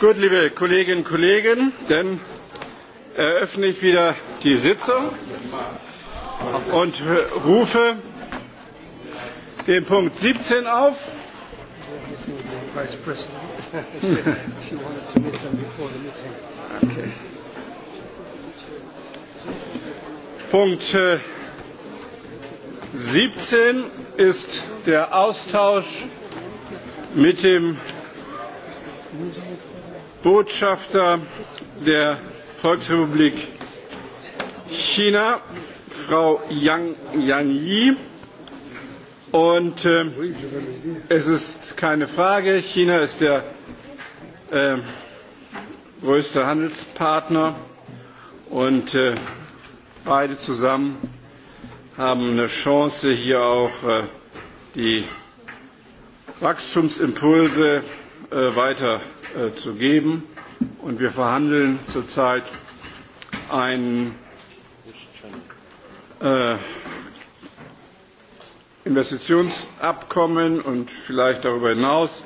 Gut, liebe Kolleginnen und Kollegen, dann eröffne ich wieder die Sitzung und rufe den Punkt 17 auf. Vice President, she wanted to meet them before the meeting. Okay. Punkt 17 äh, ist der Austausch mit dem Botschafter der Volksrepublik China, Frau Yang Yanyi. Und äh, es ist keine Frage, China ist der äh, größte Handelspartner Und äh, beide zusammen haben eine Chance, hier auch äh, die Wachstumsimpulse äh, weiterzugeben. Äh, Und wir verhandeln zurzeit einen äh, investitionsabkommen und vielleicht darüber hinaus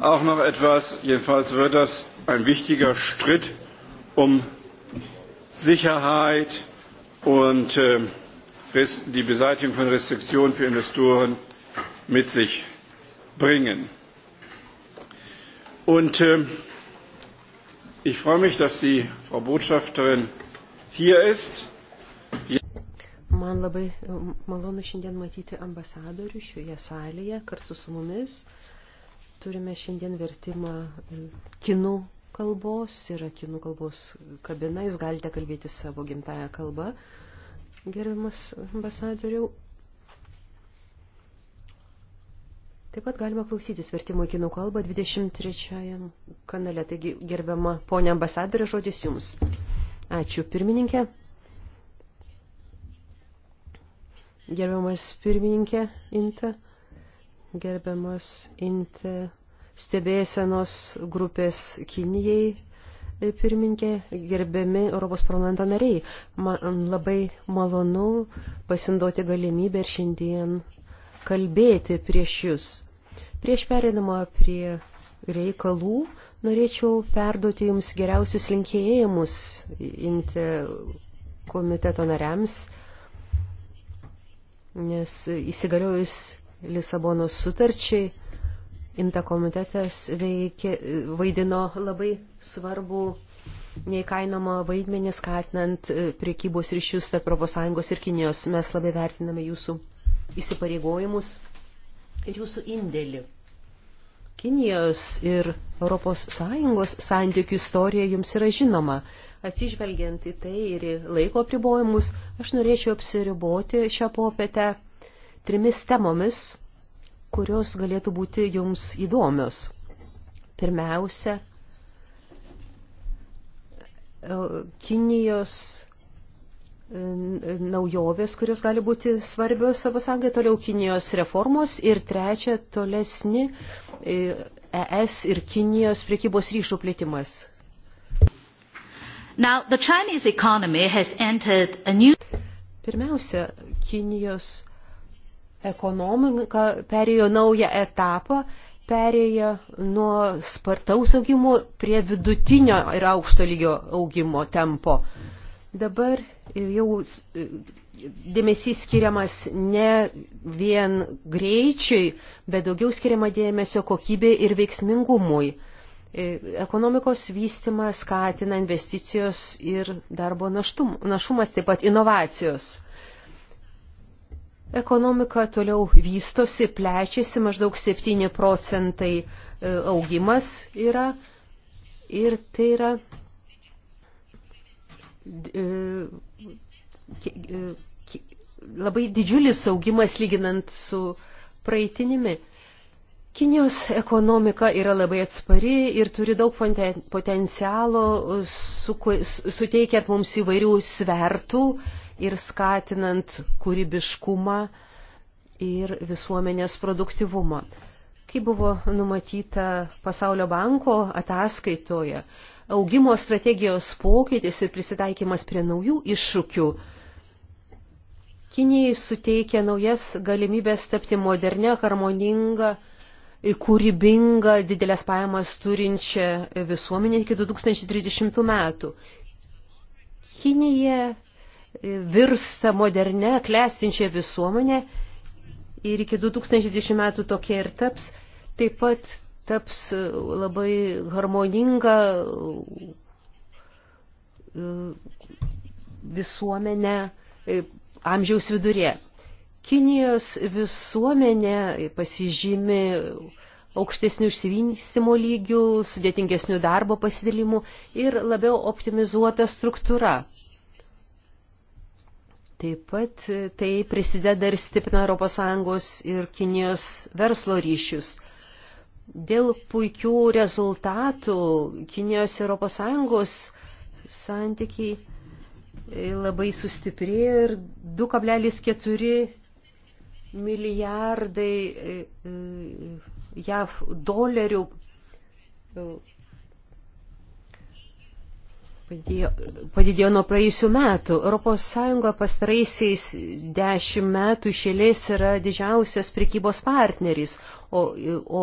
auch noch etwas jedenfalls wird das ein wichtiger schritt um Sicherheit und äh, die Beseitigung von Restriktionen für Investoren mit sich bringen. Und äh, ich freue mich, dass die Frau Botschafterin hier ist. Man labai äh, malonu šiandien matyti ambasadorių šioje salėje kartu su mumis. Turime šiandien vertimą äh, kinų kalbos, yra kinų kalbos kabina, jūs galite kalbėti savo gimtają kalbą, gerbiamas ambasadoriau. Taip pat galima klausytis vertimo į kinų kalbą 23 kanale. Taigi, gerbiama ponė ambasadorė, žodis jums. Ačiū, pirmininkė. Gerbiamas pirmininkė Inte, gerbiamas Inte stebėsenos grupės Kinijai e, pirminkė, gerbiami Europos parlamento nariai. Man labai malonu pasindoti galimybę ir šiandien kalbėti prieš jūs. Prieš perėdama prie reikalų, norėčiau perduoti jums geriausius linkėjimus inte komiteto nariams, nes įsigaliojus Lisabonos sutarčiai Inta komitetas veikė, vaidino labai svarbu neįkainamą vaidmenį skatinant e, priekybos ryšius tarp ES ir Kinijos. Mes labai vertiname jūsų įsipareigojimus ir jūsų indėlį. Kinijos ir ES santykių istorija jums yra žinoma. Atsižvelgiant į tai ir į laiko pribojimus, aš norėčiau apsiriboti šią popietę trimis temomis, kurios galėtų būti jums įdomios. Pirmiausia, e, Kinijos e, naujovės, kurios gali būti svarbios savo sąjungai, toliau Kinijos reformos ir trečia, tolesni ES e ir Kinijos priekybos ryšų plėtimas. Now, the Chinese economy has entered a new... Pirmiausia, Kinijos ekonomika perėjo naują etapą, perėjo nuo spartaus augimo prie vidutinio ir aukšto lygio augimo tempo. Dabar jau dėmesys skiriamas ne vien greičiai, bet daugiau skiriama dėmesio kokybei ir veiksmingumui. E, ekonomikos vystimas skatina investicijos ir darbo naštum, našumas, taip pat inovacijos. Ekonomika toliau vystosi, plečiasi, maždaug 7 procentai e, augimas yra ir tai yra e, e, labai didžiulis augimas lyginant su praeitinimi. Kinijos ekonomika yra labai atspari ir turi daug potencialo, suteikiant mums įvairių svertų, ir skatinant kūrybiškumą ir visuomenės produktivumą. Kaip buvo numatyta Pasaulio banko ataskaitoje, augimo strategijos pokytis ir prisitaikymas prie naujų iššūkių Kinijai suteikia naujas galimybės tapti modernę, harmoningą, kūrybingą, didelės pajamas turinčią visuomenę iki 2030 metų. Kinija virsta moderne, klestinčia visuomenė ir iki 2020 metų tokia ir taps, taip pat taps labai harmoninga e, visuomenė e, amžiaus vidurė. Kinijos visuomenė pasižymi aukštesnių išsivystimo lygių, sudėtingesnių darbo pasidalimu ir labiau optimizuota struktūra. Taip pat e, tai prisideda ir stipina ES ir Kinijos verslo ryšius. Dėl puikių rezultatų Kinijos ir ES santykiai e, labai sustiprėjo ir 2,4 milijardai e, JAV dolerių padidėjo, padidėjo nuo praėjusių metų. Europos Sąjunga pastaraisiais dešimt metų išėlės yra didžiausias prekybos partneris, o, o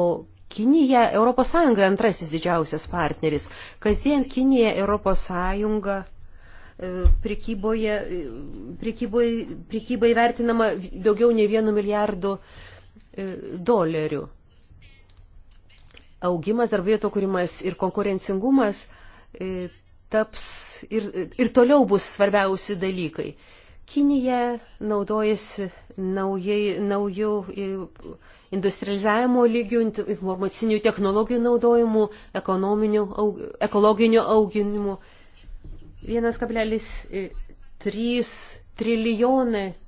Kinija Europos Sąjunga antrasis didžiausias partneris. Kasdien Kinija Europos Sąjunga e, prekyboje, prekyboje, prekybai vertinama daugiau nei vienu milijardu e, dolerių. Augimas, darbo vietų kūrimas ir konkurencingumas e, taps ir, ir toliau bus svarbiausi dalykai. Kinija naudojasi naujai, naujų industrializavimo lygių, informacinių technologijų naudojimu, aug, ekologiniu auginimu. 1,3 trilijonai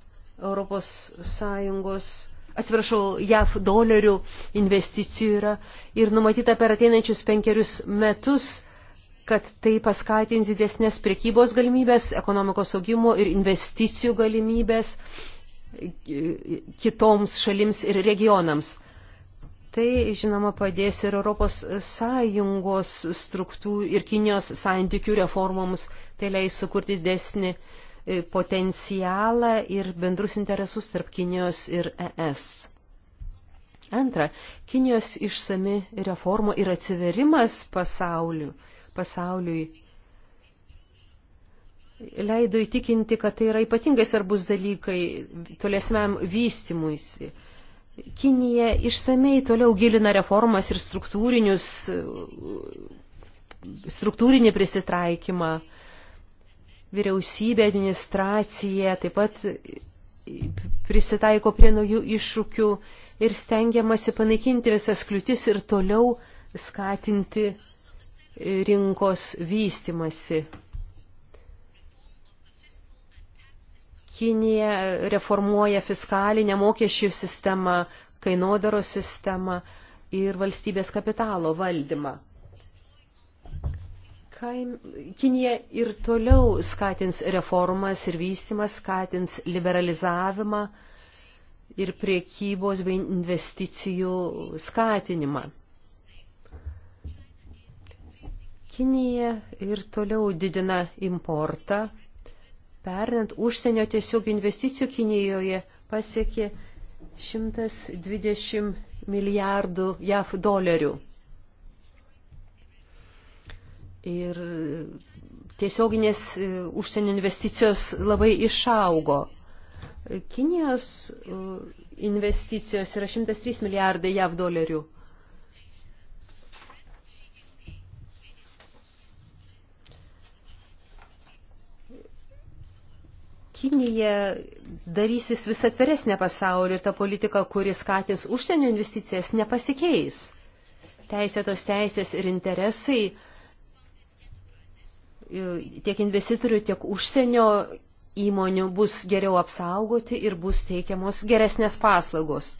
Europos Sąjungos, atsiprašau, JAF dolerių investicijų yra ir numatyta per ateinančius penkerius metus kad tai paskatins didesnės priekybos galimybės, ekonomikos augimo ir investicijų galimybės kitoms šalims ir regionams. Tai, žinoma, padės ir Europos Sąjungos struktūrų ir Kinijos santykių reformoms, tai leis sukurti didesnį e, potencialą ir bendrus interesus tarp Kinijos ir ES. Antra, Kinijos išsami reforma ir atsiverimas pasauliu pasauliui leido įtikinti, kad tai yra ypatingai svarbus dalykai tolesniam vystimuisi. Kinija išsamei toliau gilina reformas ir struktūrinius, struktūrinį prisitaikymą. Vyriausybė, administracija taip pat prisitaiko prie naujų iššūkių ir stengiamasi panaikinti visas kliūtis ir toliau skatinti rinkos vystimasi. Kinija reformuoja fiskalinę mokesčių sistemą, kainodaro sistemą ir valstybės kapitalo valdymą. Kaim, Kinija ir toliau skatins reformas ir vystimas, skatins liberalizavimą ir priekybos bei investicijų skatinimą. Kinija ir toliau didina importą. Pernant užsienio tiesiog investicijų Kinijoje pasiekė 120 milijardų JAF dolerių. Ir tiesioginės e, užsienio investicijos labai išaugo. Kinijos e, investicijos yra 103 milijardai JAV dolerių. Kinija darysis vis atveresnė pasaulio ir ta politika, kuris skatys užsienio investicijas, nepasikeis. Teisėtos teisės ir interesai e, tiek investitorių, tiek užsienio įmonių bus geriau apsaugoti ir bus teikiamos geresnės paslaugos.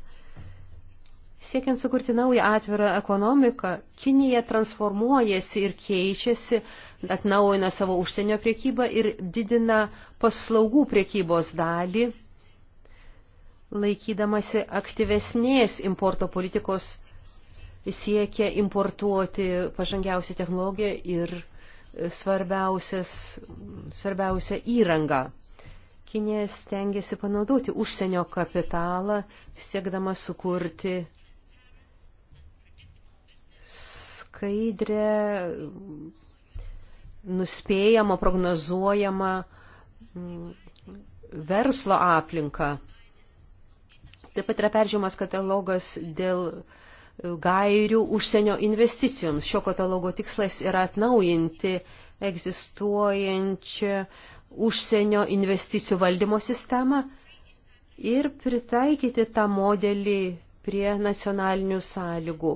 Siekiant sukurti naują atvirą ekonomiką, Kinija transformuojasi ir keičiasi, atnaujina savo užsienio priekybą ir didina paslaugų priekybos dalį, laikydamasi aktyvesnės importo politikos siekia importuoti pažangiausią technologiją ir svarbiausią įrangą. Kinė stengiasi panaudoti užsienio kapitalą, siekdama sukurti skaidrę, nuspėjamą, prognozuojamą mm, verslo aplinką. Taip pat yra peržiūrimas katalogas dėl gairių užsienio investicijoms. Šio katalogo tikslas yra atnaujinti egzistuojančią užsienio investicijų valdymo sistemą ir pritaikyti tą modelį prie nacionalinių sąlygų.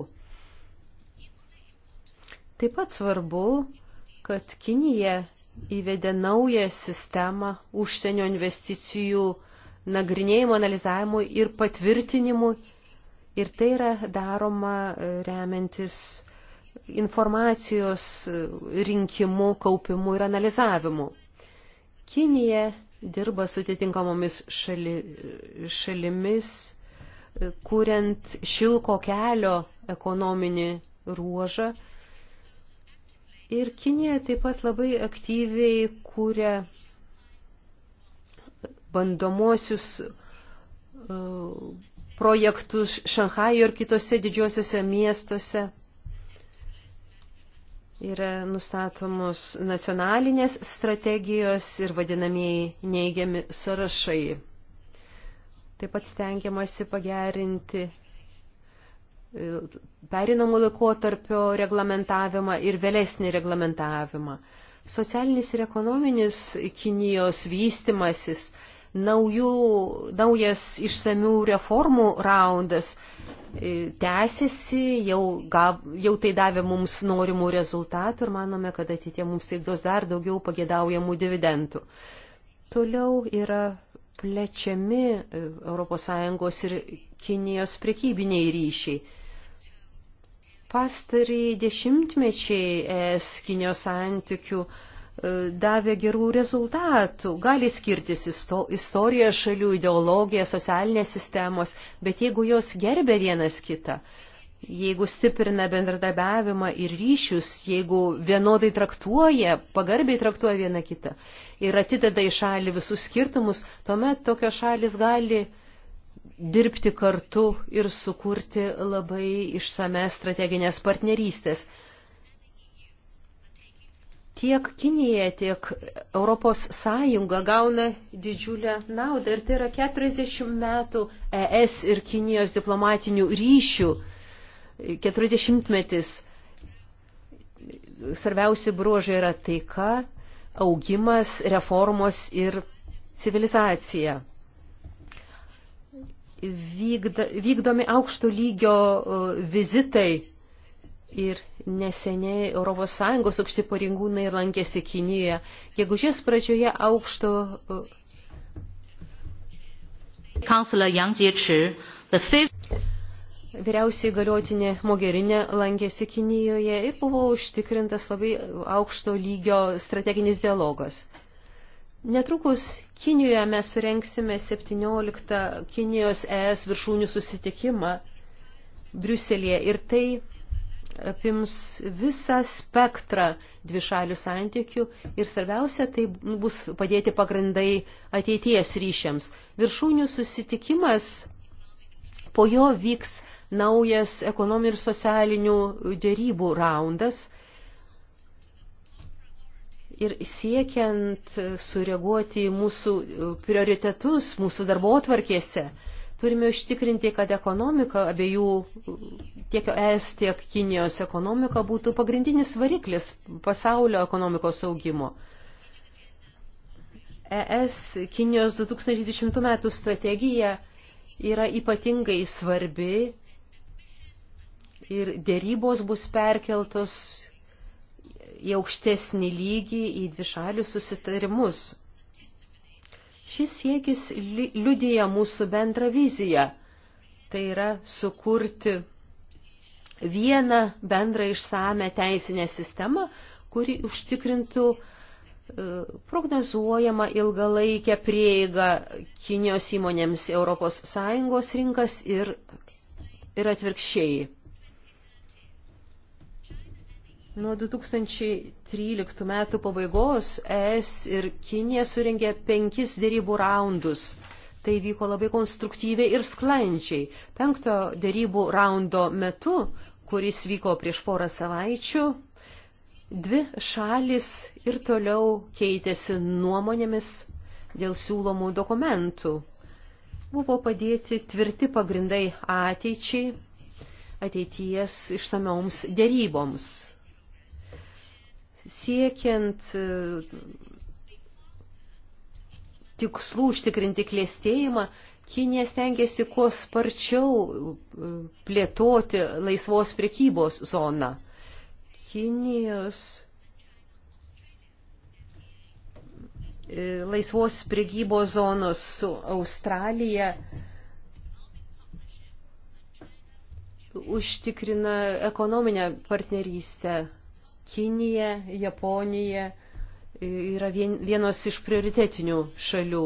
Taip pat svarbu, kad Kinija įvedė naują sistemą užsienio investicijų nagrinėjimo, analizavimo ir patvirtinimu. Ir tai yra daroma e, remiantis informacijos e, rinkimu, kaupimu ir analizavimu. Kinija dirba su atitinkamomis šali, e, šalimis, kuriant šilko kelio ekonominį ruožą Ir Kinija taip pat labai aktyviai kūrė bandomosius e, projektus Šanhajo ir kitose didžiosiuose miestuose. Yra nustatomos nacionalinės strategijos ir vadinamieji neigiami sąrašai. Taip pat stengiamasi pagerinti perinamų laikotarpio reglamentavimą ir vėlesnį reglamentavimą. Socialinis ir ekonominis Kinijos vystimasis, naujų, naujas išsamių reformų raundas e, tęsiasi, jau, gav, jau tai davė mums norimų rezultatų ir manome, kad ateitie mums tai duos dar daugiau pagėdaujamų dividendų. Toliau yra plečiami ES ir Kinijos prekybiniai ryšiai. Pastarį dešimtmečiai es Kinijos santykių e, davė gerų rezultatų. Gali skirtis isto, istorija šalių, ideologija, socialinės sistemos, bet jeigu jos gerbė vienas kitą, jeigu stiprina bendradarbiavimą ir ryšius, jeigu vienodai traktuoja, pagarbiai traktuoja vieną kitą ir atideda į šalį visus skirtumus, tuomet tokios šalis gali uh, dirbti kartu ir sukurti labai išsames strateginės partnerystės. Tiek Kinija, tiek Europos Sąjunga gauna didžiulę naudą ir tai yra 40 metų ES ir Kinijos diplomatinių ryšių, 40 metis. Svarbiausi bruožai yra taika, augimas, reformos ir civilizacija vykda, vykdomi aukšto lygio e, vizitai. Ir neseniai ES aukšti pareigūnai lankėsi Kinijoje. Gegužės pradžioje aukšto. E, Kancler Yang Jiechi, the fifth. Vyriausiai galiotinė Mogerinė lankėsi Kinijoje ir buvo užtikrintas labai aukšto lygio strateginis dialogas. Netrukus Kinijoje mes surenksime 17 Kinijos ES viršūnių susitikimą Briuselėje ir tai apims visą spektrą dvišalių santykių ir svarbiausia, tai bus padėti pagrindai ateities ryšiams. Viršūnių susitikimas po jo vyks naujas ekonominių ir socialinių dėrybų raundas – Ir siekiant sureaguoti į mūsų prioritetus, mūsų darbo atvarkėse, turime užtikrinti, kad ekonomika abiejų tiek ES, tiek Kinijos ekonomika būtų pagrindinis variklis pasaulio ekonomikos augimo. ES Kinijos 2020 metų strategija yra ypatingai svarbi ir dėrybos bus perkeltos į aukštesnį lygį, į dvišalius susitarimus. Šis siekis liudija mūsų bendrą viziją. Tai yra sukurti vieną bendrą išsame teisinę sistemą, kuri užtikrintų e, prognozuojama ilgalaikė prieiga Kinijos įmonėms ES rinkas ir, ir atvirkščiai. Nuo 2013 metų pabaigos ES ir Kinė suringė penkis dėrybų raundus. Tai vyko labai konstruktyviai ir sklandžiai. Penkto dėrybų raundo metu, kuris vyko prieš porą savaičių, dvi šalis ir toliau keitėsi nuomonėmis dėl siūlomų dokumentų. Buvo padėti tvirti pagrindai ateičiai, ateities išsameoms dėryboms siekiant e, tikslų užtikrinti klėstėjimą, Kinė stengiasi kuo sparčiau e, plėtoti laisvos prekybos zoną. Kinijos e, laisvos prekybos zonos su Australija užtikrina ekonominę partnerystę Kinija, Japonija yra vienos iš prioritetinių šalių.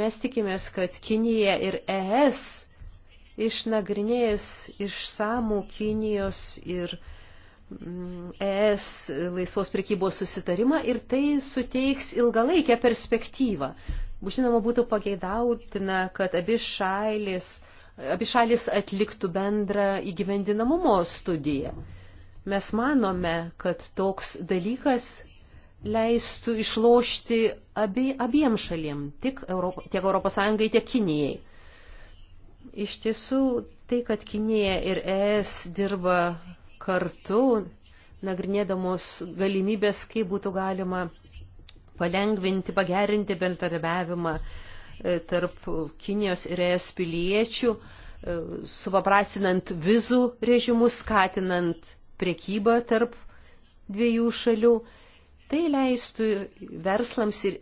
Mes tikimės, kad Kinija ir ES išnagrinėjęs išsamų Kinijos ir mm, ES laisvos prekybos susitarimą ir tai suteiks ilgalaikę perspektyvą. Žinoma, būtų pageidautina, kad abi šalis, abi šalis atliktų bendrą įgyvendinamumo studiją. Mes manome, kad toks dalykas leistų išlošti abie, abiem šalim, tik Europo, tiek ES, tiek Kinijai. Iš tiesų, tai, kad Kinija ir ES dirba kartu, nagrinėdamos galimybės, kaip būtų galima palengvinti, pagerinti bendradarbiavimą e, tarp Kinijos ir ES piliečių, e, supaprastinant vizų režimus, skatinant priekybą tarp dviejų šalių. Tai leistų verslams ir,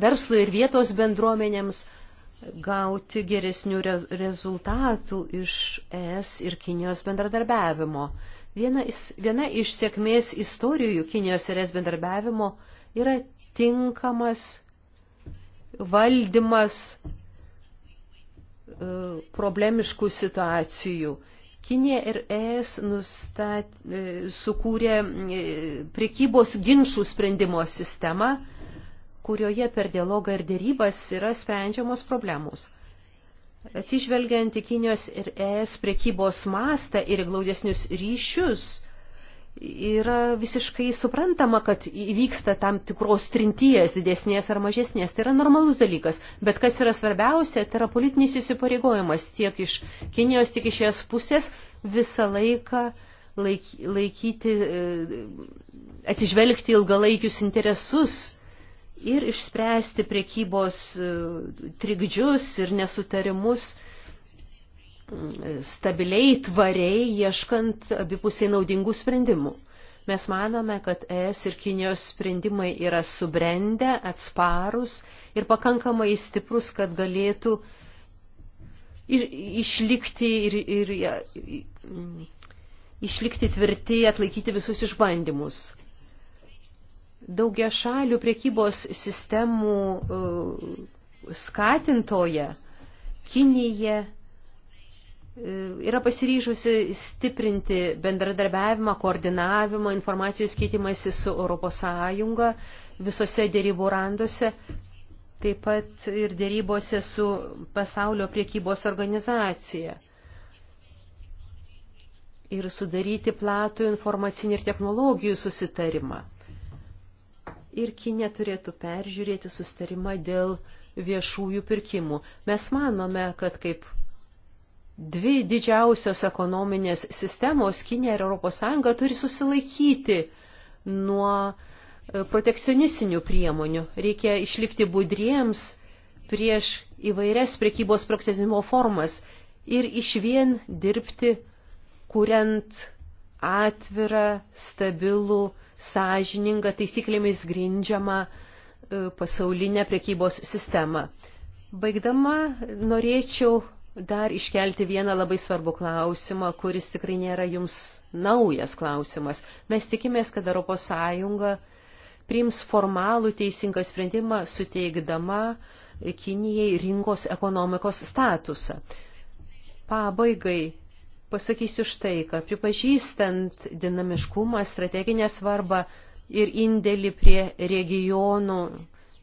verslui ir vietos bendruomenėms gauti geresnių rezultatų iš ES ir Kinijos bendradarbiavimo. Viena, viena iš sėkmės istorijų Kinijos ir ES bendradarbiavimo yra tinkamas valdymas e, problemiškų situacijų Kinė ir ES nustat, e, sukūrė e, prekybos ginčių sprendimo sistemą, kurioje per dialogą ir dėrybas yra sprendžiamos problemos. Atsižvelgiant į Kinijos ir ES prekybos mastą ir glaudesnius ryšius, yra visiškai suprantama, kad įvyksta tam tikros trinties didesnės ar mažesnės. Tai yra normalus dalykas. Bet kas yra svarbiausia, tai yra politinis įsipareigojimas tiek iš Kinijos, tiek iš jas pusės visą laiką laikyti, e, atsižvelgti ilgalaikius interesus ir išspręsti priekybos e, trikdžius ir nesutarimus stabiliai, tvariai, ieškant abipusiai naudingų sprendimų. Mes manome, kad ES ir Kinijos sprendimai yra subrendę, atsparus ir pakankamai stiprus, kad galėtų iš, išlikti ir, ir, ir išlikti tvirti, atlaikyti visus išbandymus. Daugia šalių priekybos sistemų uh, skatintoje Kinija yra pasiryžusi stiprinti bendradarbiavimą, koordinavimą, informacijos keitimąsi su ES visose dėrybų randuose, taip pat ir dėrybose su pasaulio priekybos organizacija. Ir sudaryti platų informacinį ir technologijų susitarimą. Ir Kinė turėtų peržiūrėti susitarimą dėl viešųjų pirkimų. Mes manome, kad kaip dvi didžiausios ekonominės sistemos, Kinė ir ES, turi susilaikyti nuo e, protekcionistinių priemonių. Reikia išlikti budriems prieš įvairias prekybos protekcionizmo formas ir iš vien dirbti, kuriant atvirą, stabilų, sąžiningą, taisyklėmis grindžiamą e, pasaulinę prekybos sistemą. Baigdama norėčiau dar iškelti vieną labai svarbų klausimą, kuris tikrai nėra jums naujas klausimas. Mes tikimės, kad ES priims formalų teisingą sprendimą, suteikdama Kinijai rinkos ekonomikos statusą. Pabaigai pasakysiu štai, kad pripažįstant dinamiškumą, strateginę svarbą ir indėlį prie regionų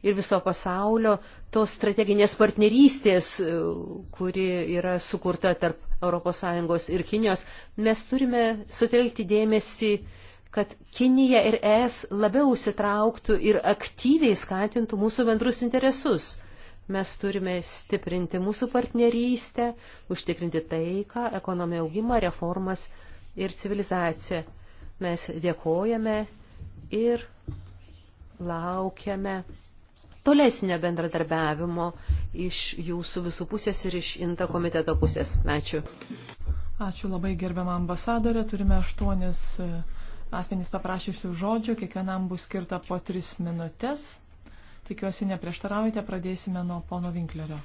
ir viso pasaulio tos strateginės partnerystės, e, kuri yra sukurta tarp ES ir Kinijos, mes turime sutelkti dėmesį, kad Kinija ir ES labiau įsitrauktų ir aktyviai skatintų mūsų bendrus interesus. Mes turime stiprinti mūsų partnerystę, užtikrinti taiką, ekonomį augimą, reformas ir civilizaciją. Mes dėkojame ir laukiame tolesnio bendradarbiavimo iš jūsų visų pusės ir iš INTA komiteto pusės. Ačiū. Ačiū labai gerbiamą ambasadorę. Turime aštuonis e, asmenys paprašysiu žodžio, kiekvienam bus skirta po tris minutės. Tikiuosi neprieštaraujate, pradėsime nuo pono Vinklerio.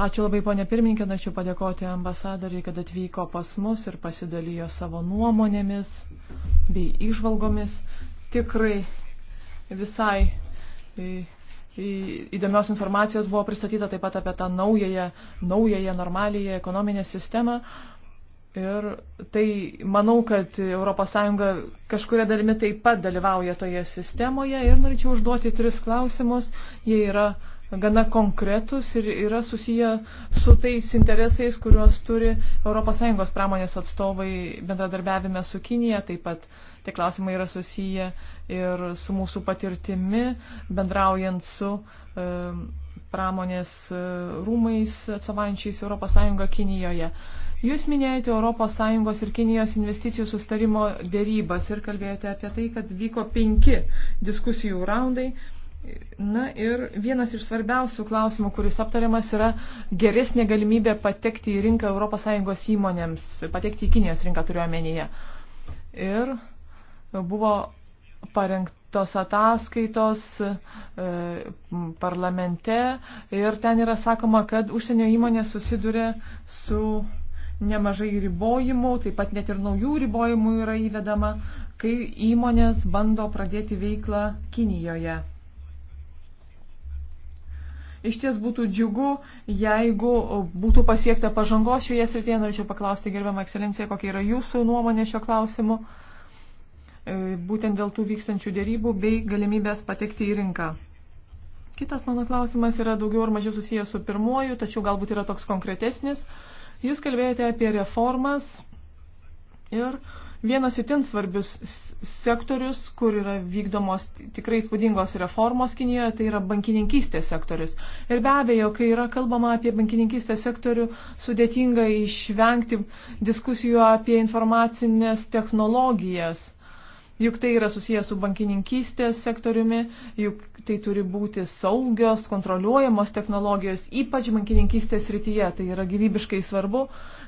Ačiū labai, ponė pirmininkė, norėčiau padėkoti ambasadoriai, kad atvyko pas mus ir pasidalijo savo nuomonėmis bei išvalgomis. Tikrai visai e, e, įdomios informacijos buvo pristatyta taip pat apie tą naująją, naująją normaliją ekonominę sistemą. Ir tai manau, kad ES kažkuria dalimi taip pat dalyvauja toje sistemoje ir norėčiau užduoti tris klausimus. Jie yra gana konkretus ir yra susiję su tais interesais, kuriuos turi ES pramonės atstovai bendradarbiavime su Kinija. Taip pat tie klausimai yra susiję ir su mūsų patirtimi, bendraujant su e, pramonės e, rūmais atstovaujančiais ES Kinijoje. Jūs minėjote ES ir Kinijos investicijų sustarimo dėrybas ir kalbėjote apie tai, kad vyko penki diskusijų raundai Na ir vienas iš svarbiausių klausimų, kuris aptariamas, yra geresnė galimybė patekti į rinką ES įmonėms, patekti į Kinijos rinką turiuomenyje. Ir buvo parengtos ataskaitos e, parlamente ir ten yra sakoma, kad užsienio įmonė susiduria su nemažai ribojimų, taip pat net ir naujų ribojimų yra įvedama, kai įmonės bando pradėti veiklą Kinijoje. Iš ties būtų džiugu, jeigu būtų pasiekta pažangos šioje srityje. Norėčiau paklausti, gerbiamą ekscelenciją, kokia yra jūsų nuomonė šio klausimu, e, būtent dėl tų vykstančių dėrybų bei galimybės patekti į rinką. Kitas mano klausimas yra daugiau ar mažiau susijęs su pirmoju, tačiau galbūt yra toks konkretesnis. Jūs kalbėjote apie reformas ir uh, vienas itin svarbius sektorius, kur yra vykdomos tikrai spūdingos reformos Kinijoje, tai yra bankininkystės sektorius. Ir be abejo, kai yra kalbama apie bankininkystės sektorių, sudėtinga išvengti diskusijų apie informacinės technologijas juk tai yra susijęs su bankininkystės sektoriumi, juk tai turi būti saugios, kontroliuojamos technologijos, ypač bankininkystės rytyje, tai yra gyvybiškai svarbu.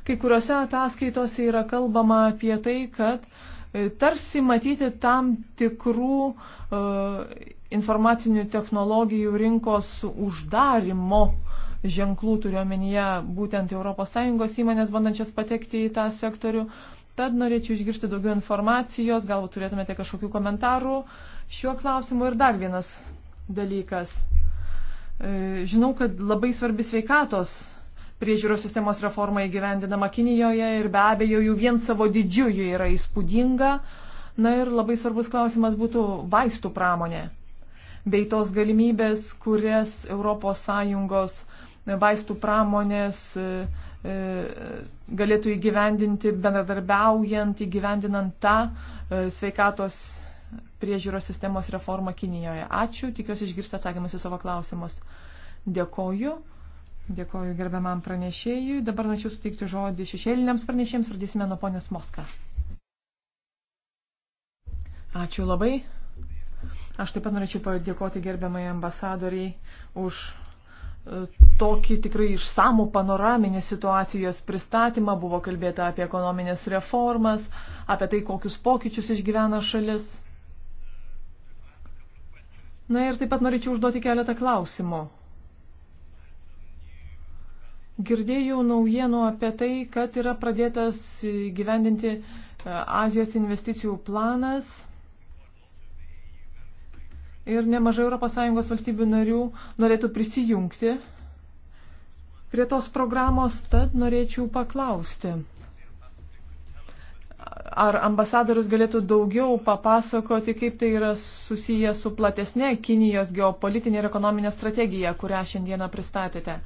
Kai kuriuose ataskaitose yra kalbama apie tai, kad e, tarsi matyti tam tikrų uh, informacinių technologijų rinkos uždarimo ženklų turiuomenyje būtent ES įmonės bandančias patekti į tą sektorių. Tad norėčiau išgirsti daugiau informacijos, galbūt turėtumėte kažkokių komentarų šiuo klausimu. Ir dar vienas dalykas. E, žinau, kad labai svarbi sveikatos priežiūros sistemos reforma įgyvendinama Kinijoje ir be abejo jų vien savo didžiu jų yra įspūdinga. Na ir labai svarbus klausimas būtų vaistų pramonė bei tos galimybės, kurias ES vaistų pramonės E, galėtų įgyvendinti bendradarbiaujant, įgyvendinant tą e, sveikatos priežiūros sistemos reformą Kinijoje. Ačiū, tikiuosi išgirsti atsakymus į savo klausimus. Dėkoju. Dėkoju gerbiamam pranešėjui. Dabar norėčiau suteikti žodį šešėliniams pranešėjams. Pradėsime nuo ponės Moska. Ačiū labai. Aš taip pat norėčiau padėkoti gerbiamai ambasadoriai už tokį tikrai išsamų panoraminį situacijos pristatymą, buvo kalbėta apie ekonominės reformas, apie tai, kokius pokyčius išgyvena šalis. Na ir taip pat norėčiau užduoti keletą klausimų. Girdėjau naujienų apie tai, kad yra pradėtas gyvendinti e, Azijos investicijų planas ir nemažai ES valstybių narių norėtų prisijungti prie tos programos, tad norėčiau paklausti. Ar ambasadorius galėtų daugiau papasakoti, kaip tai yra susiję su platesnė Kinijos geopolitinė ir ekonominė strategija, kurią šiandieną pristatėte?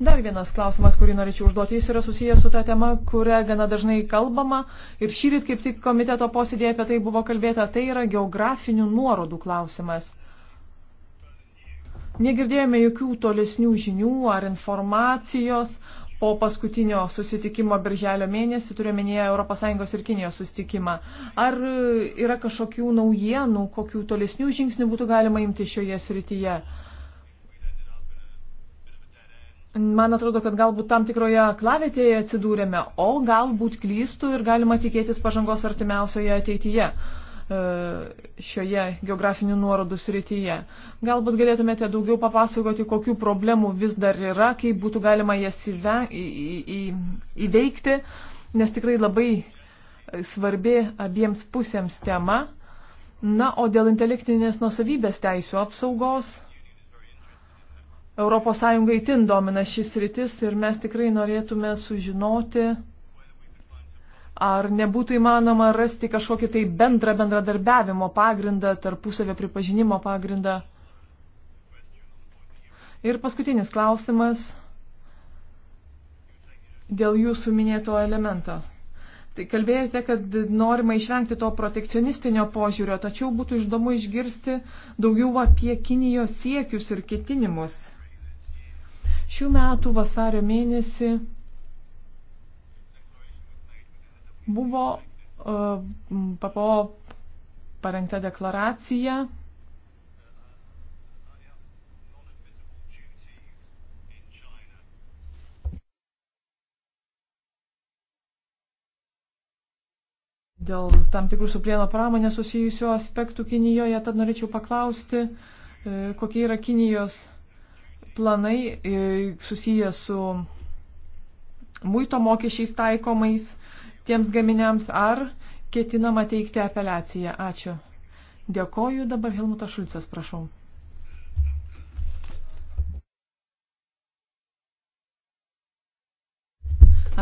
Dar vienas klausimas, kurį norėčiau užduoti, jis yra susijęs su ta tema, kurią gana dažnai kalbama ir šyrit kaip tik komiteto posėdėje apie tai buvo kalbėta, tai yra geografinių nuorodų klausimas. Negirdėjome jokių tolesnių žinių ar informacijos po paskutinio susitikimo birželio mėnesį, turiuomenėje ES ir Kinijos susitikimą. Ar e, yra kažkokių naujienų, kokių tolesnių žingsnių būtų galima imti šioje srityje? Man atrodo, kad galbūt tam tikroje klavėtėje atsidūrėme, o galbūt klystų ir galima tikėtis pažangos artimiausioje ateityje. E, šioje geografinių nuorodų srityje. Galbūt galėtumėte daugiau papasakoti, kokių problemų vis dar yra, kaip būtų galima jas įve, į, į, įveikti, nes tikrai labai svarbi abiems pusėms tema. Na, o dėl intelektinės nusavybės teisų apsaugos. ES itin domina šis rytis ir mes tikrai norėtume sužinoti, Ar nebūtų įmanoma rasti kažkokį tai bendrą bendradarbiavimo pagrindą, tarpusavio pripažinimo pagrindą? Ir paskutinis klausimas dėl jūsų minėto elemento. Tai kalbėjote, kad norima išvengti to protekcionistinio požiūrio, tačiau būtų įdomu išgirsti daugiau apie Kinijos siekius ir ketinimus. Šių metų vasario mėnesį Buvo e, PPO parengta deklaracija. Dėl tam tikrų su plieno pramonė susijusių aspektų Kinijoje, tad norėčiau paklausti, e, kokie yra Kinijos planai e, susiję su muito mokesčiais taikomais tiems gaminiams, ar ketinama teikti apeliaciją. Ačiū. Dėkoju, dabar Helmutas Šulcas, prašau.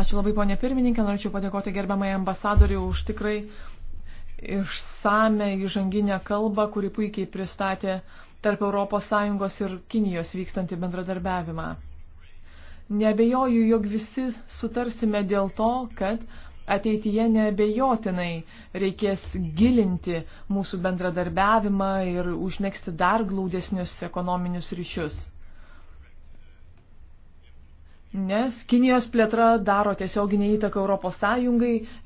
Ačiū labai, ponė pirmininkė, norėčiau padėkoti gerbiamai ambasadoriui už tikrai išsame įžanginę kalbą, kuri puikiai pristatė tarp ES ir Kinijos vykstantį bendradarbiavimą. Nebejoju, jog visi sutarsime dėl to, kad ateityje nebejotinai reikės gilinti mūsų bendradarbiavimą ir užmėgsti dar glaudesnius ekonominius ryšius. Nes Kinijos plėtra daro tiesioginę įtaką ES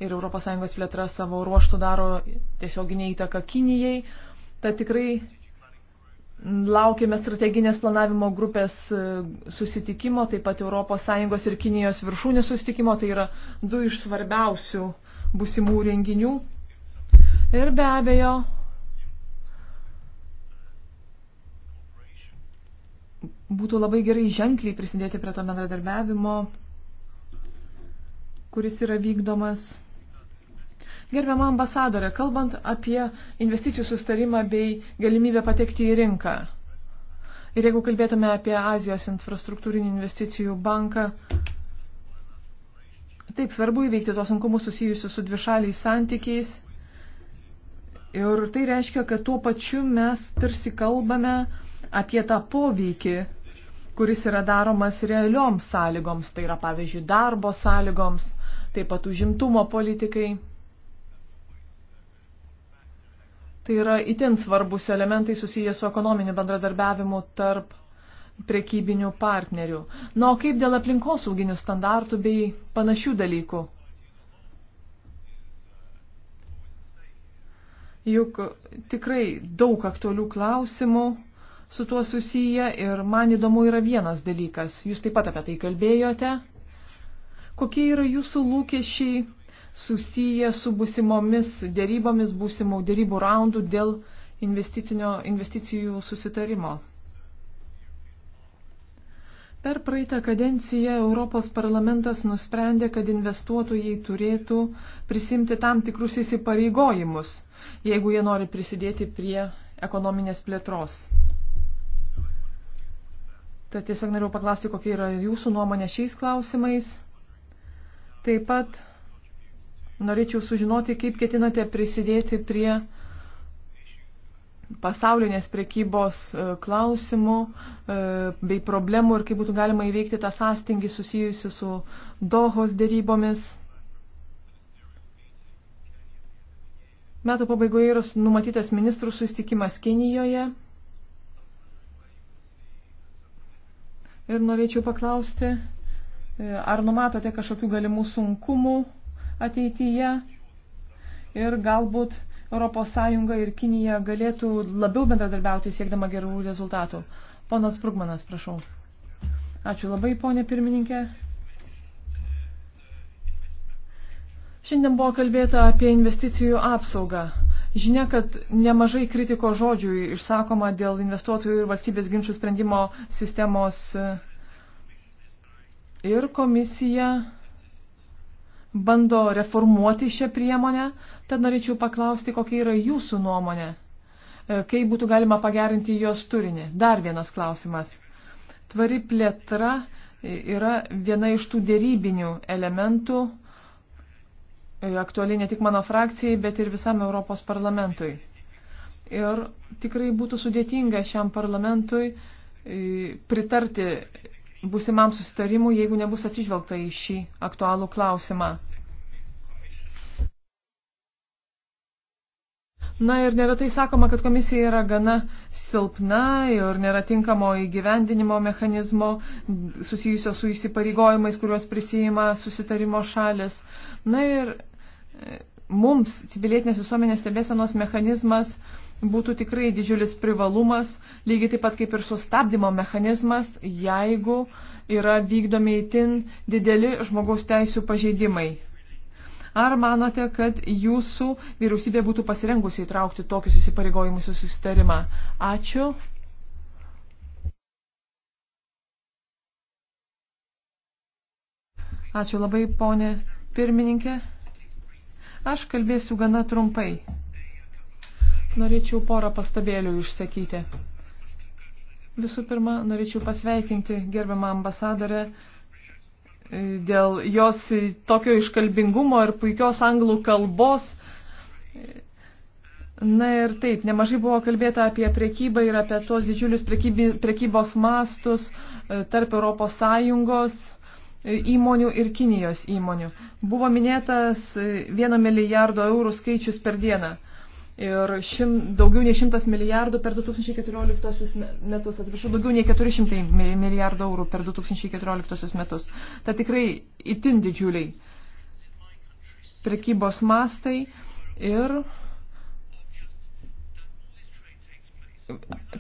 ir ES plėtra savo ruoštų daro tiesioginę įtaką Kinijai. Ta tikrai Laukime strateginės planavimo grupės e, susitikimo, taip pat ES ir Kinijos viršūnės susitikimo. Tai yra du iš svarbiausių busimų renginių. Ir be abejo, būtų labai gerai ženkliai prisidėti prie to bendradarbiavimo, kuris yra vykdomas. Gerbiama ambasadorė, kalbant apie investicijų sustarimą bei galimybę patekti į rinką. Ir jeigu kalbėtume apie Azijos infrastruktūrinį investicijų banką, taip svarbu įveikti tos sunkumus susijusius su dvišaliais santykiais. Ir tai reiškia, kad tuo pačiu mes tarsi kalbame apie tą poveikį kuris yra daromas realioms sąlygoms, tai yra pavyzdžiui darbo sąlygoms, taip pat užimtumo politikai. Tai yra itin svarbus elementai susiję su ekonominiu bendradarbiavimu tarp prekybinių partnerių. Na, o kaip dėl aplinkosauginių standartų bei panašių dalykų? Juk tikrai daug aktualių klausimų su tuo susiję ir man įdomu yra vienas dalykas. Jūs taip pat apie tai kalbėjote. Kokie yra jūsų lūkesčiai susiję su busimomis dėrybomis, busimų dėrybų raundų dėl investicijų susitarimo. Per praeitą kadenciją Europos parlamentas nusprendė, kad investuotojai turėtų prisimti tam tikrus įsipareigojimus, jeigu jie nori prisidėti prie ekonominės plėtros. Tad tiesiog norėjau paklausti, kokia yra jūsų nuomonė šiais klausimais. Taip pat Norėčiau sužinoti, kaip ketinate prisidėti prie pasaulinės prekybos e, klausimų e, bei problemų ir kaip būtų galima įveikti tą sąstingį susijusi su Dohos dėrybomis. Metų pabaigoje yra numatytas ministrų susitikimas Kinijoje. Ir norėčiau paklausti, e, ar numatote kažkokių galimų sunkumų ateityje ir galbūt ES ir Kinija galėtų labiau bendradarbiauti siekdama gerų rezultatų. Ponas Prugmanas, prašau. Ačiū labai, ponė pirmininkė. Šiandien buvo kalbėta apie investicijų apsaugą. Žinia, kad nemažai kritiko žodžių išsakoma dėl investuotojų ir valstybės ginčių sprendimo sistemos ir komisija bando reformuoti šią priemonę, tad norėčiau paklausti, kokia yra jūsų nuomonė, e, kaip būtų galima pagerinti jos turinį. Dar vienas klausimas. Tvari plėtra yra viena iš tų dėrybinių elementų, e, aktuali ne tik mano frakcijai, bet ir visam Europos parlamentui. Ir tikrai būtų sudėtinga šiam parlamentui e, pritarti busimam sustarimui, jeigu nebus atsižvelgta į šį aktualų klausimą. Na ir neretai sakoma, kad komisija yra gana silpna ir nėra tinkamo įgyvendinimo mechanizmo susijusio su įsipareigojimais, kuriuos prisijima susitarimo šalis. Na ir e, mums, civilietinės visuomenės stebėsenos mechanizmas, uh, būtų tikrai didžiulis privalumas, lygiai taip pat kaip ir sustabdymo mechanizmas, jeigu yra vykdomi įtin dideli žmogaus teisų pažeidimai. Ar manote, kad jūsų vyriausybė būtų pasirengusi įtraukti tokius įsipareigojimus į susitarimą? Ačiū. Ačiū labai, ponė pirmininkė. Aš kalbėsiu gana trumpai. Norėčiau porą pastabėlių išsakyti. Visų pirma, norėčiau pasveikinti gerbiamą ambasadorę e, dėl jos tokio iškalbingumo ir puikios anglų kalbos. Na ir taip, nemažai buvo kalbėta apie priekybą ir apie tuos didžiulius priekybi, priekybos mastus e, tarp Europos Sąjungos e, įmonių ir Kinijos įmonių. Buvo minėtas vieno milijardo eurų skaičius per dieną. Ir šim, daugiau nei 100 milijardų per 2014 metus, atsiprašau, daugiau nei 400 milijardų eurų per 2014 metus. Tai tikrai itin didžiuliai prekybos mastai ir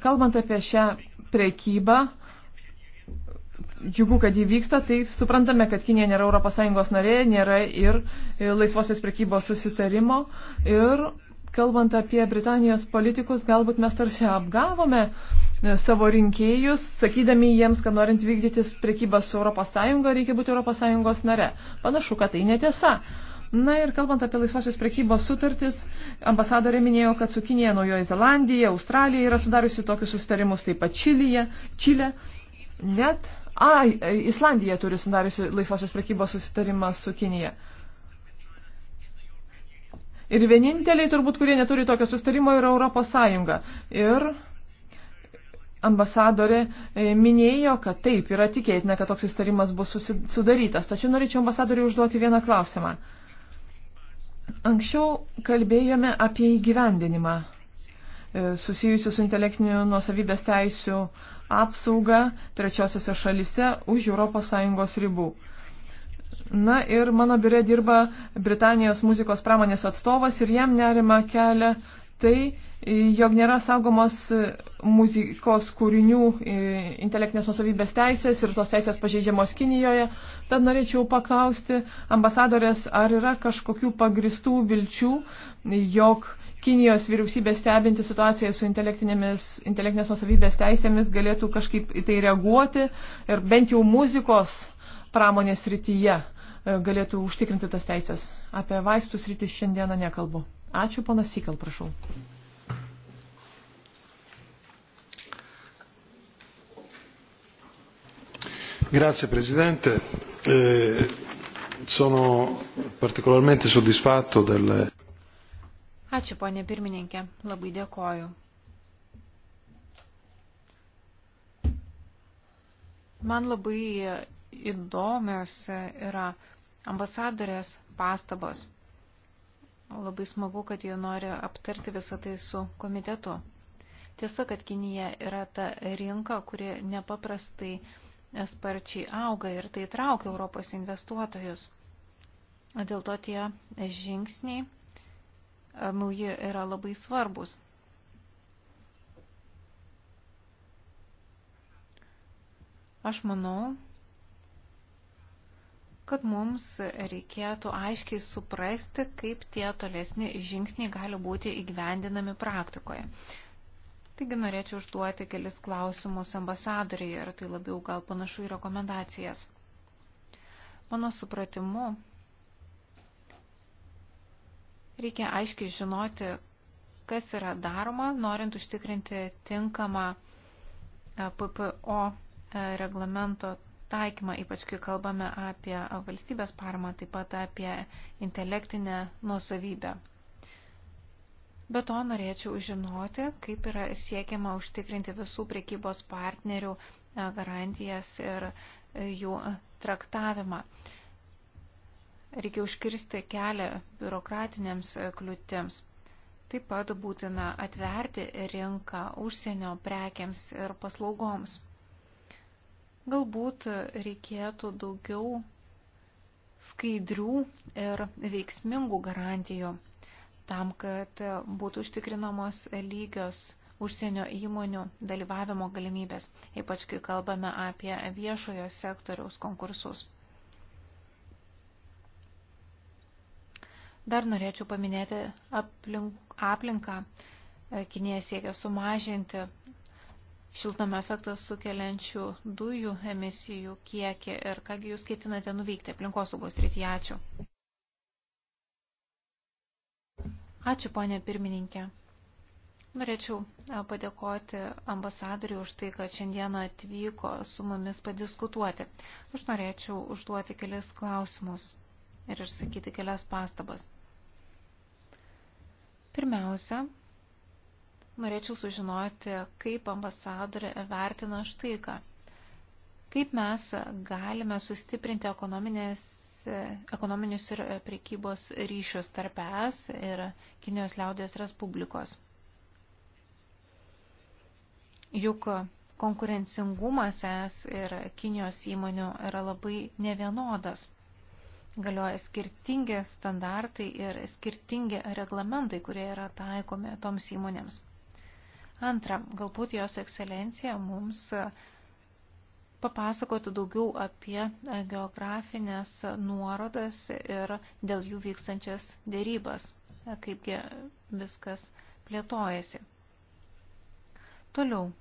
kalbant apie šią prekybą, džiugu, kad jį vyksta, tai suprantame, kad Kinė nėra ES narė, nėra ir laisvosios prekybos susitarimo ir kalbant apie Britanijos politikus, galbūt mes tarsi apgavome e, savo rinkėjus, sakydami jiems, kad norint vykdytis prekybą su ES, reikia būti ES nare. Panašu, kad tai netiesa. Na ir kalbant apie laisvosios prekybos sutartis, ambasadorė minėjo, kad su Kinėje, Naujoje Zelandija, Australija yra sudariusi tokius sustarimus, taip pat Čilija, Čilė, net, a, Islandija turi sudariusi laisvosios prekybos susitarimą su Kinėje. Ir vieninteliai turbūt, kurie neturi tokio sustarimo, yra Europos Sąjunga. Ir ambasadorė e, minėjo, kad taip, yra tikėtina, kad toks sustarimas bus sudarytas. Tačiau norėčiau ambasadoriui užduoti vieną klausimą. Anksčiau kalbėjome apie įgyvendinimą e, susijusių su intelektiniu nuosavybės teisių apsauga trečiosiose šalise už ES ribų. Na ir mano biure dirba Britanijos muzikos pramonės atstovas ir jam nerima kelia tai, jog nėra saugomos e, muzikos kūrinių e, intelektinės nusavybės teisės ir tos teisės pažeidžiamos Kinijoje. Tad norėčiau paklausti ambasadorės, ar yra kažkokių pagristų vilčių, jog Kinijos vyriausybė stebinti situaciją su intelektinės nusavybės teisėmis galėtų kažkaip į tai reaguoti ir bent jau muzikos pramonės rytyje e, galėtų užtikrinti tas teisės. Apie vaistų sritį šiandieną nekalbu. Ačiū, ponas Sikal, prašau. Grazie Presidente, eh, sono particolarmente soddisfatto del... Ačiū, ponė pirmininkė, labai dėkoju. Man labai įdomios yra ambasadorės pastabos. Labai smagu, kad jie nori aptarti visą tai su komitetu. Tiesa, kad Kinija yra ta rinka, kuri nepaprastai sparčiai auga ir tai traukia Europos investuotojus. Dėl to tie žingsniai nauji yra labai svarbus. Aš manau, kad mums reikėtų aiškiai suprasti, kaip tie tolesni žingsniai gali būti įgyvendinami praktikoje. Taigi norėčiau užduoti kelis klausimus ambasadoriai ir tai labiau gal panašu į rekomendacijas. Mano supratimu, reikia aiškiai žinoti, kas yra daroma, norint užtikrinti tinkamą PPO reglamento taikymą, ypač kai kalbame apie valstybės paramą, taip pat apie intelektinę nuosavybę. Be to norėčiau žinoti, kaip yra siekiama užtikrinti visų prekybos partnerių e, garantijas ir e, jų traktavimą. Reikia užkirsti kelią biurokratinėms e, kliūtims. Taip pat būtina atverti rinką užsienio prekiams ir paslaugoms. Galbūt reikėtų daugiau skaidrių ir veiksmingų garantijų tam, kad būtų užtikrinamos lygios užsienio įmonių dalyvavimo galimybės, ypač kai kalbame apie viešojo sektoriaus konkursus. Dar norėčiau paminėti aplink, aplinką. Kinėje siekia sumažinti šiltnamio efektą sukeliančių dujų emisijų kiekį ir kągi jūs ketinate nuveikti aplinkosaugos rytyje. Ačiū. Ačiū, ponė pirmininkė. Norėčiau padėkoti ambasadoriui už tai, kad šiandieną atvyko su mumis padiskutuoti. Aš norėčiau užduoti kelias klausimus ir išsakyti kelias pastabas. Pirmiausia, Norėčiau sužinoti, kaip ambasadorė vertina štai ką. Kaip mes galime sustiprinti ekonominius ir prekybos ryšius tarp ES ir Kinijos liaudės Respublikos. Juk konkurencingumas ES ir Kinijos įmonių yra labai nevienodas. Galioja skirtingi standartai ir skirtingi reglamentai, kurie yra taikomi toms įmonėms. Antra, galbūt jos ekscelencija mums papasakotų daugiau apie geografinės nuorodas ir dėl jų vykstančias dėrybas, kaipgi viskas plėtojasi. Toliau.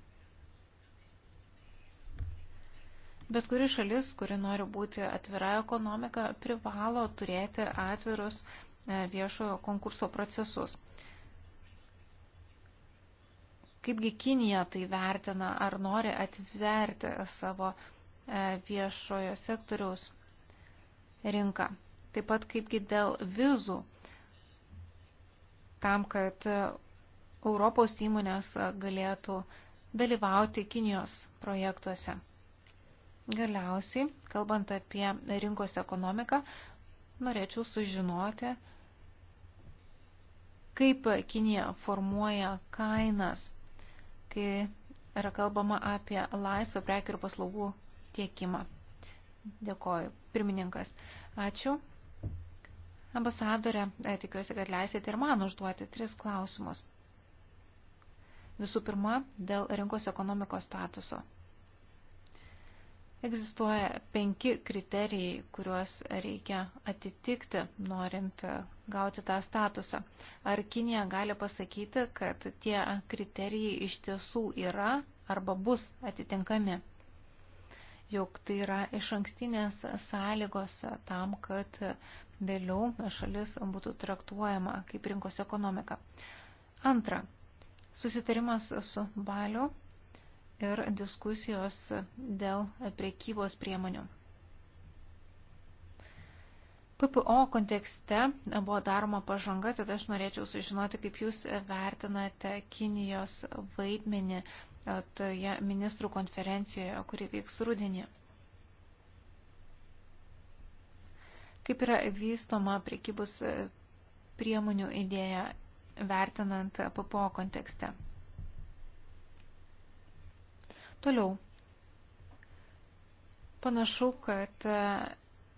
Bet kuri šalis, kuri nori būti atvira ekonomika, privalo turėti atvirus e, viešojo konkurso procesus. Kaipgi Kinija tai vertina, ar nori atverti savo e, viešojo sektoriaus rinką. Taip pat kaipgi dėl vizų, tam, kad Europos įmonės galėtų dalyvauti Kinijos projektuose. Galiausiai, kalbant apie rinkos ekonomiką, norėčiau sužinoti, kaip Kinija formuoja kainas kai yra kalbama apie laisvą prekių ir paslaugų tiekimą. Dėkoju. Pirmininkas, ačiū. Ambasadorė, e, tikiuosi, kad leisite ir man užduoti tris klausimus. Visų pirma, dėl rinkos ekonomikos statuso. Egzistuoja penki kriterijai, kuriuos reikia atitikti, norint gauti tą statusą. Ar Kinija gali pasakyti, kad tie kriterijai iš tiesų yra arba bus atitinkami? Juk tai yra iš ankstinės sąlygos tam, kad vėliau šalis būtų traktuojama kaip rinkos ekonomika. Antra, susitarimas su Baliu ir diskusijos dėl priekybos priemonių. PPO kontekste buvo daroma pažanga, tad aš norėčiau sužinoti, kaip Jūs vertinate Kinijos vaidmenį toje ministrų konferencijoje, kuri vyks rudenį. Kaip yra vystoma priekybos e, priemonių idėja vertinant PPO kontekste? Toliau. Panašu, kad e,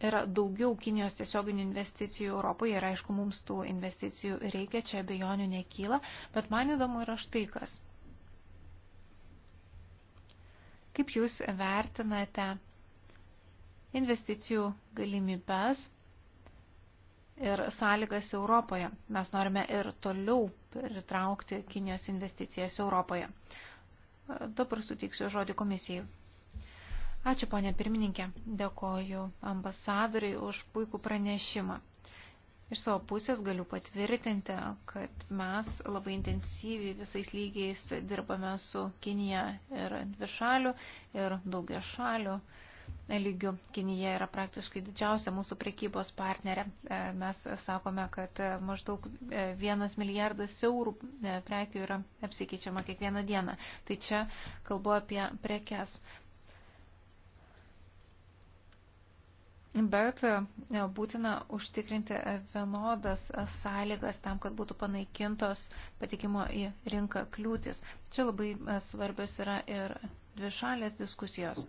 yra daugiau Kinijos tiesioginių investicijų Europoje ir aišku, mums tų investicijų reikia, čia abejonių nekyla, bet man įdomu yra štai kas. Kaip Jūs vertinate investicijų galimybės ir sąlygas Europoje? Mes norime ir toliau pritraukti Kinijos investicijas Europoje. Dabar suteiksiu žodį komisijai. Ačiū, ponė pirmininkė. Dėkoju ambasadoriai už puikų pranešimą. Iš savo pusės galiu patvirtinti, kad mes labai intensyviai visais lygiais dirbame su Kinija ir dvišaliu, ir daugia šaliu lygiu. Kinija yra praktiškai didžiausia mūsų prekybos partnerė. E, mes sakome, kad maždaug e, vienas milijardas eurų e, prekių yra apsikeičiama kiekvieną dieną. Tai čia kalbu apie prekes. bet e, būtina užtikrinti vienodas sąlygas tam, kad būtų panaikintos patikimo į rinką kliūtis. Čia labai e, svarbios yra ir dvišalės diskusijos.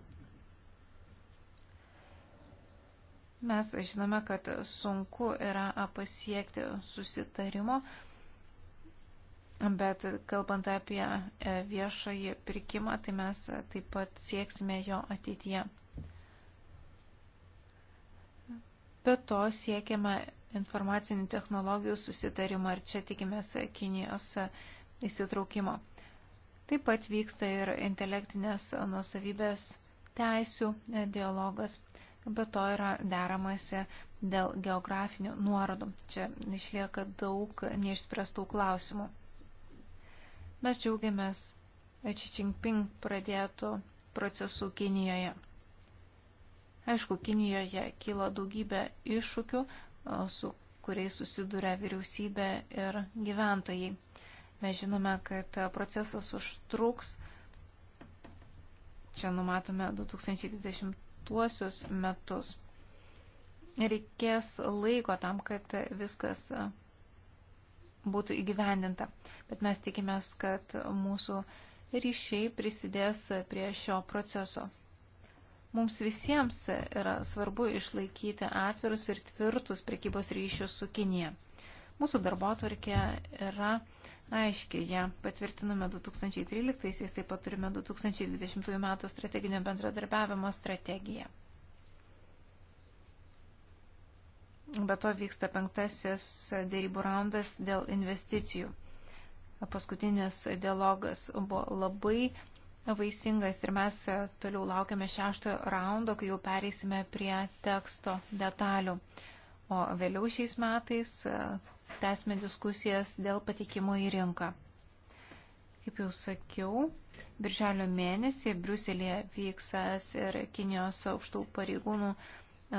Mes žinome, kad sunku yra pasiekti susitarimo, bet kalbant apie e, viešąjį pirkimą, tai mes taip pat sieksime jo ateityje. Be to siekiama informacinių technologijų susitarimą ir čia tikimės Kinijos įsitraukimo. Taip pat vyksta ir intelektinės nusavybės teisių dialogas, be to yra deramasi dėl geografinių nuorodų. Čia išlieka daug neišspręstų klausimų. Mes džiaugiamės Čičingping pradėtų procesų Kinijoje. Aišku, Kinijoje kyla daugybė iššūkių, su kuriais susiduria vyriausybė ir gyventojai. Mes žinome, kad procesas užtruks. Čia numatome 2020 metus. Reikės laiko tam, kad viskas būtų įgyvendinta. Bet mes tikimės, kad mūsų ryšiai prisidės prie šio proceso. Mums visiems yra svarbu išlaikyti atvirus ir tvirtus prekybos ryšius su Kinija. Mūsų darbotvarkė yra aiški, ją patvirtinome 2013-aisiais, taip pat turime 2020 m. strateginio bendradarbiavimo strategiją. Be to vyksta penktasis dėrybų raundas dėl investicijų. Paskutinis dialogas buvo labai vaisingas ir mes e, toliau laukiame šešto raundo, kai jau pereisime prie teksto detalių. O vėliau šiais metais e, tęsime diskusijas dėl patikimo į rinką. Kaip jau sakiau, birželio mėnesį Briuselėje vyks ES ir Kinijos aukštų pareigūnų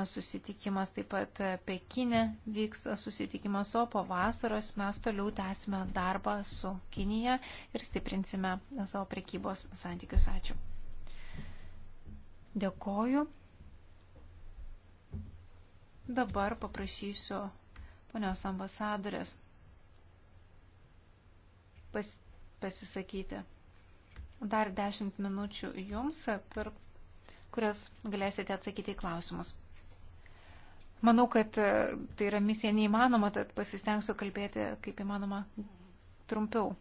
susitikimas, taip pat e, Pekinė vyks susitikimas, o po vasaros mes toliau tęsime darbą su Kinija ir stiprinsime savo prekybos santykius. Ačiū. Dėkoju. Dabar paprašysiu ponios ambasadorės pas, pasisakyti. Dar dešimt minučių jums, per kurias galėsite atsakyti į klausimus. Manau, kad e, tai yra misija neįmanoma, tad pasistengsiu kalbėti kaip įmanoma trumpiau.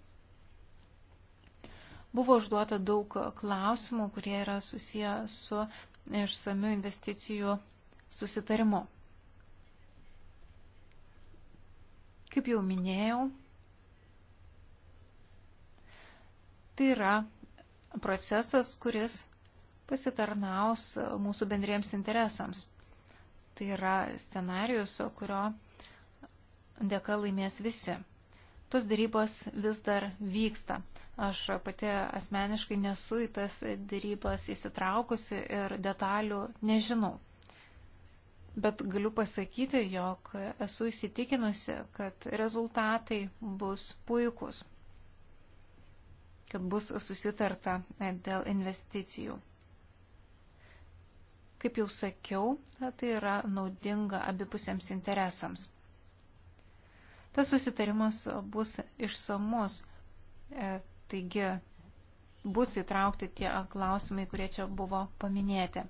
Buvo užduota daug klausimų, kurie yra susiję su išsamiu investicijų susitarimu. Kaip jau minėjau, tai yra procesas, kuris pasitarnaus mūsų bendriems interesams. Tai yra scenarius, kurio dėka laimės visi. Tos darybos vis dar vyksta. Aš pati asmeniškai nesu į tas darybas įsitraukusi ir detalių nežinau. Bet galiu pasakyti, jog esu įsitikinusi, kad rezultatai bus puikus, kad bus susitarta dėl investicijų. Kaip jau sakiau, tai yra naudinga abipusiems interesams. Tas susitarimas bus išsamus, e, taigi bus įtraukti tie klausimai, kurie čia buvo paminėti.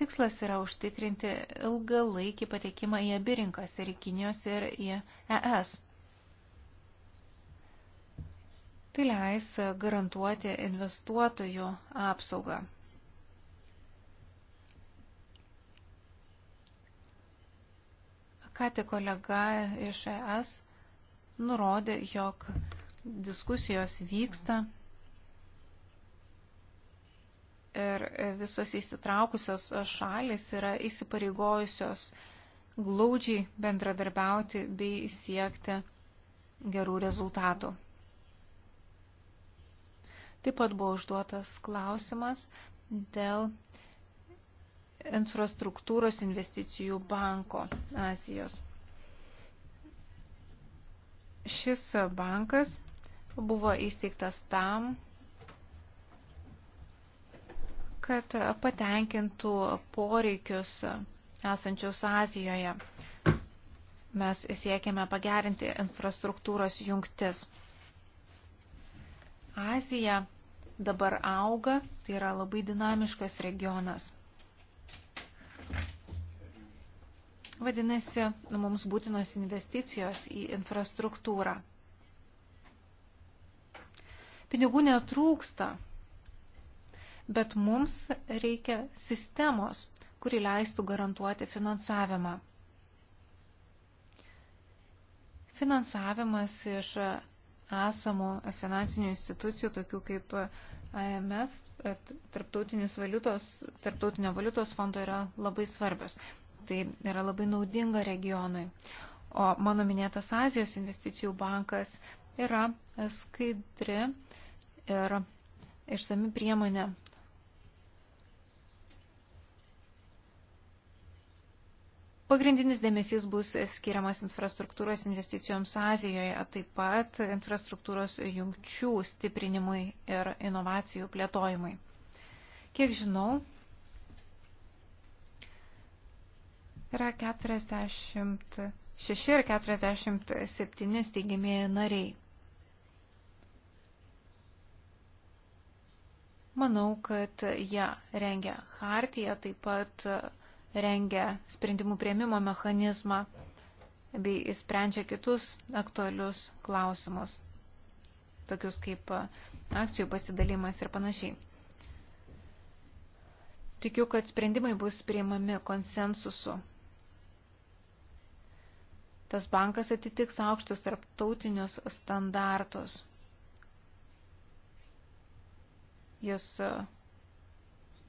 Tikslas yra užtikrinti ilgą laikį patekimą į abi rinkas, ir į Kinijos, ir į ES. Tai leis garantuoti investuotojų apsaugą. Ką tik kolega iš ES nurodė, jog diskusijos vyksta ir visos įsitraukusios šalis yra įsipareigojusios glaudžiai bendradarbiauti bei siekti gerų rezultatų. Taip pat buvo užduotas klausimas dėl infrastruktūros investicijų banko Azijos. Šis bankas buvo įsteigtas tam, kad patenkintų poreikius esančius Azijoje. Mes siekiame pagerinti infrastruktūros jungtis. Azija dabar auga, tai yra labai dinamiškas regionas. Vadinasi, mums būtinos investicijos į infrastruktūrą. Pinigų netrūksta, bet mums reikia sistemos, kuri leistų garantuoti finansavimą. Finansavimas iš esamų finansinių institucijų, tokių kaip IMF, Tarptautinis valiutos, Tarptautinio valiutos fondo yra labai svarbios tai yra labai naudinga regionui. O mano minėtas Azijos investicijų bankas yra skaidri ir išsami priemonė. Pagrindinis dėmesys bus skiriamas infrastruktūros investicijoms Azijoje, taip pat infrastruktūros jungčių stiprinimui ir inovacijų plėtojimui. Kiek žinau, yra 46 ir 47 steigimieji nariai. Manau, kad jie rengia hartiją, taip pat rengia sprendimų prieimimo mechanizmą bei sprendžia kitus aktualius klausimus, tokius kaip akcijų pasidalimas ir panašiai. Tikiu, kad sprendimai bus priimami konsensusu tas bankas atitiks aukštus tarptautinius standartus. Jis uh,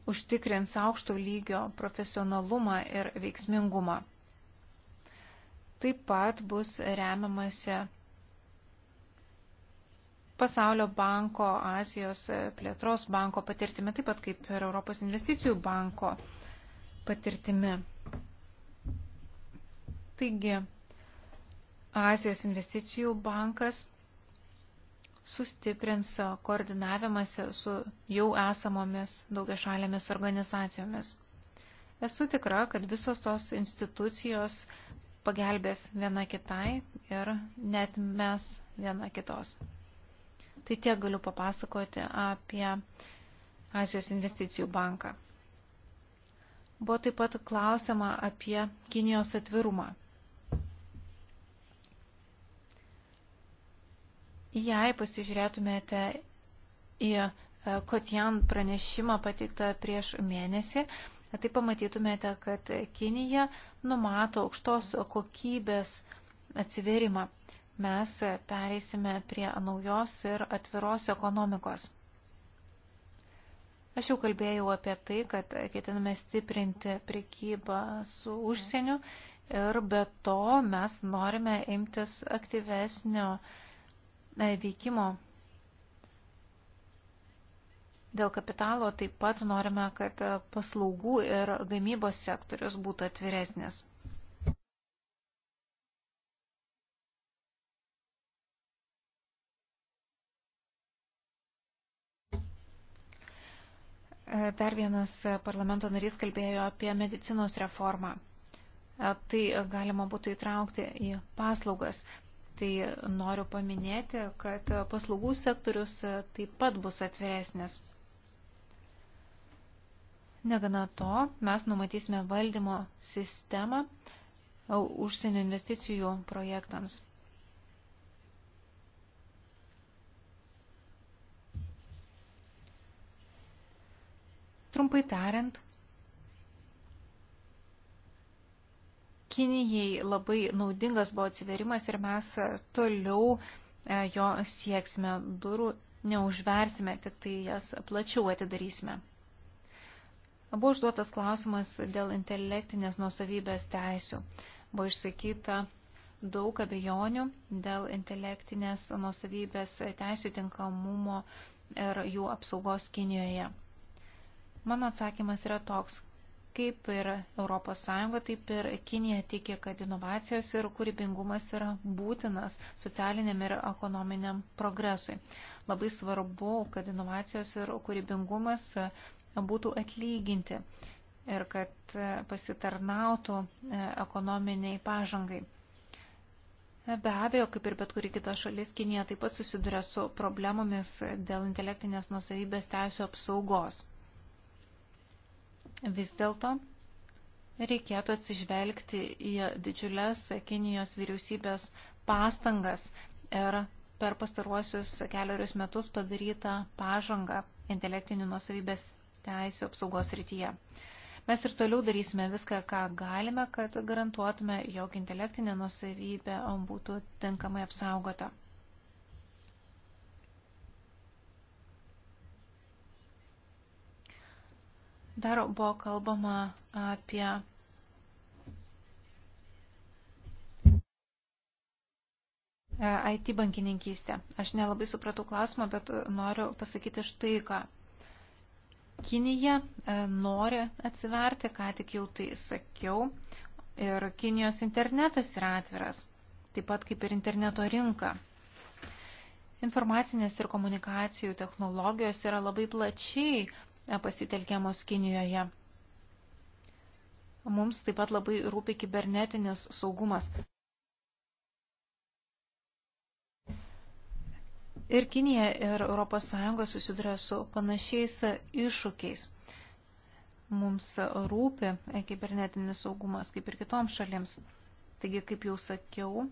užtikrins aukšto lygio profesionalumą ir veiksmingumą. Taip pat bus remiamasi Pasaulio banko, Azijos plėtros banko patirtimi, taip pat kaip ir Europos investicijų banko patirtimi. Taigi, Azijos investicijų bankas sustiprins koordinavimąsi su jau esamomis daugiašalėmis organizacijomis. Esu tikra, kad visos tos institucijos pagelbės viena kitai ir net mes viena kitos. Tai tiek galiu papasakoti apie Azijos investicijų banką. Buvo taip pat klausima apie Kinijos atvirumą. Jei pasižiūrėtumėte į e, Kotjan pranešimą pateiktą prieš mėnesį, tai pamatytumėte, kad Kinija numato aukštos kokybės atsiverimą. Mes pereisime prie naujos ir atviros ekonomikos. Aš jau kalbėjau apie tai, kad ketiname stiprinti prekybą su užsieniu ir be to mes norime imtis aktyvesnio uh, veikimo dėl kapitalo taip pat norime, kad paslaugų ir gamybos sektorius būtų atviresnis. Dar vienas parlamento narys kalbėjo apie medicinos reformą. Tai galima būtų įtraukti į paslaugas tai noriu paminėti, kad paslaugų sektorius taip pat bus atviresnis. Negana to, mes numatysime valdymo sistemą užsienio investicijų projektams. Trumpai tariant, Kinijai labai naudingas buvo atsiverimas ir mes toliau e, jo sieksime durų, neužversime, tik tai jas plačiau atidarysime. Buvo užduotas klausimas dėl intelektinės nuosavybės teisių. Buvo išsakyta daug abejonių dėl intelektinės nuosavybės teisių tinkamumo ir jų apsaugos Kinijoje. Mano atsakymas yra toks. Kaip ir ES, taip ir Kinija tiki, kad inovacijos ir kūrybingumas yra būtinas socialiniam ir ekonominiam progresui. Labai svarbu, kad inovacijos ir kūrybingumas būtų atlyginti ir kad pasitarnautų e, ekonominiai pažangai. Be abejo, kaip ir bet kuri kita šalis, Kinija taip pat susiduria su problemomis dėl intelektinės nusavybės teisų apsaugos. Vis dėlto reikėtų atsižvelgti į didžiulės Kinijos vyriausybės pastangas ir per pastaruosius keliarius metus padarytą pažangą intelektinių nusavybės teisų apsaugos rytyje. Mes ir toliau darysime viską, ką galime, kad garantuotume, jog intelektinė nusavybė būtų tinkamai apsaugota. Dar buvo kalbama apie IT bankininkystę. Aš nelabai supratau klausimą, bet noriu pasakyti štai ką. Kinija e, nori atsiverti, ką tik jau tai sakiau, ir Kinijos internetas yra atviras, taip pat kaip ir interneto rinka. Informacinės ir komunikacijų technologijos yra labai plačiai pasitelkiamos Kinijoje. Mums taip pat labai rūpi kibernetinis saugumas. Ir Kinija ir ES susiduria su panašiais iššūkiais. Mums rūpi kibernetinis saugumas, kaip ir kitoms šalims. Taigi, kaip jau sakiau,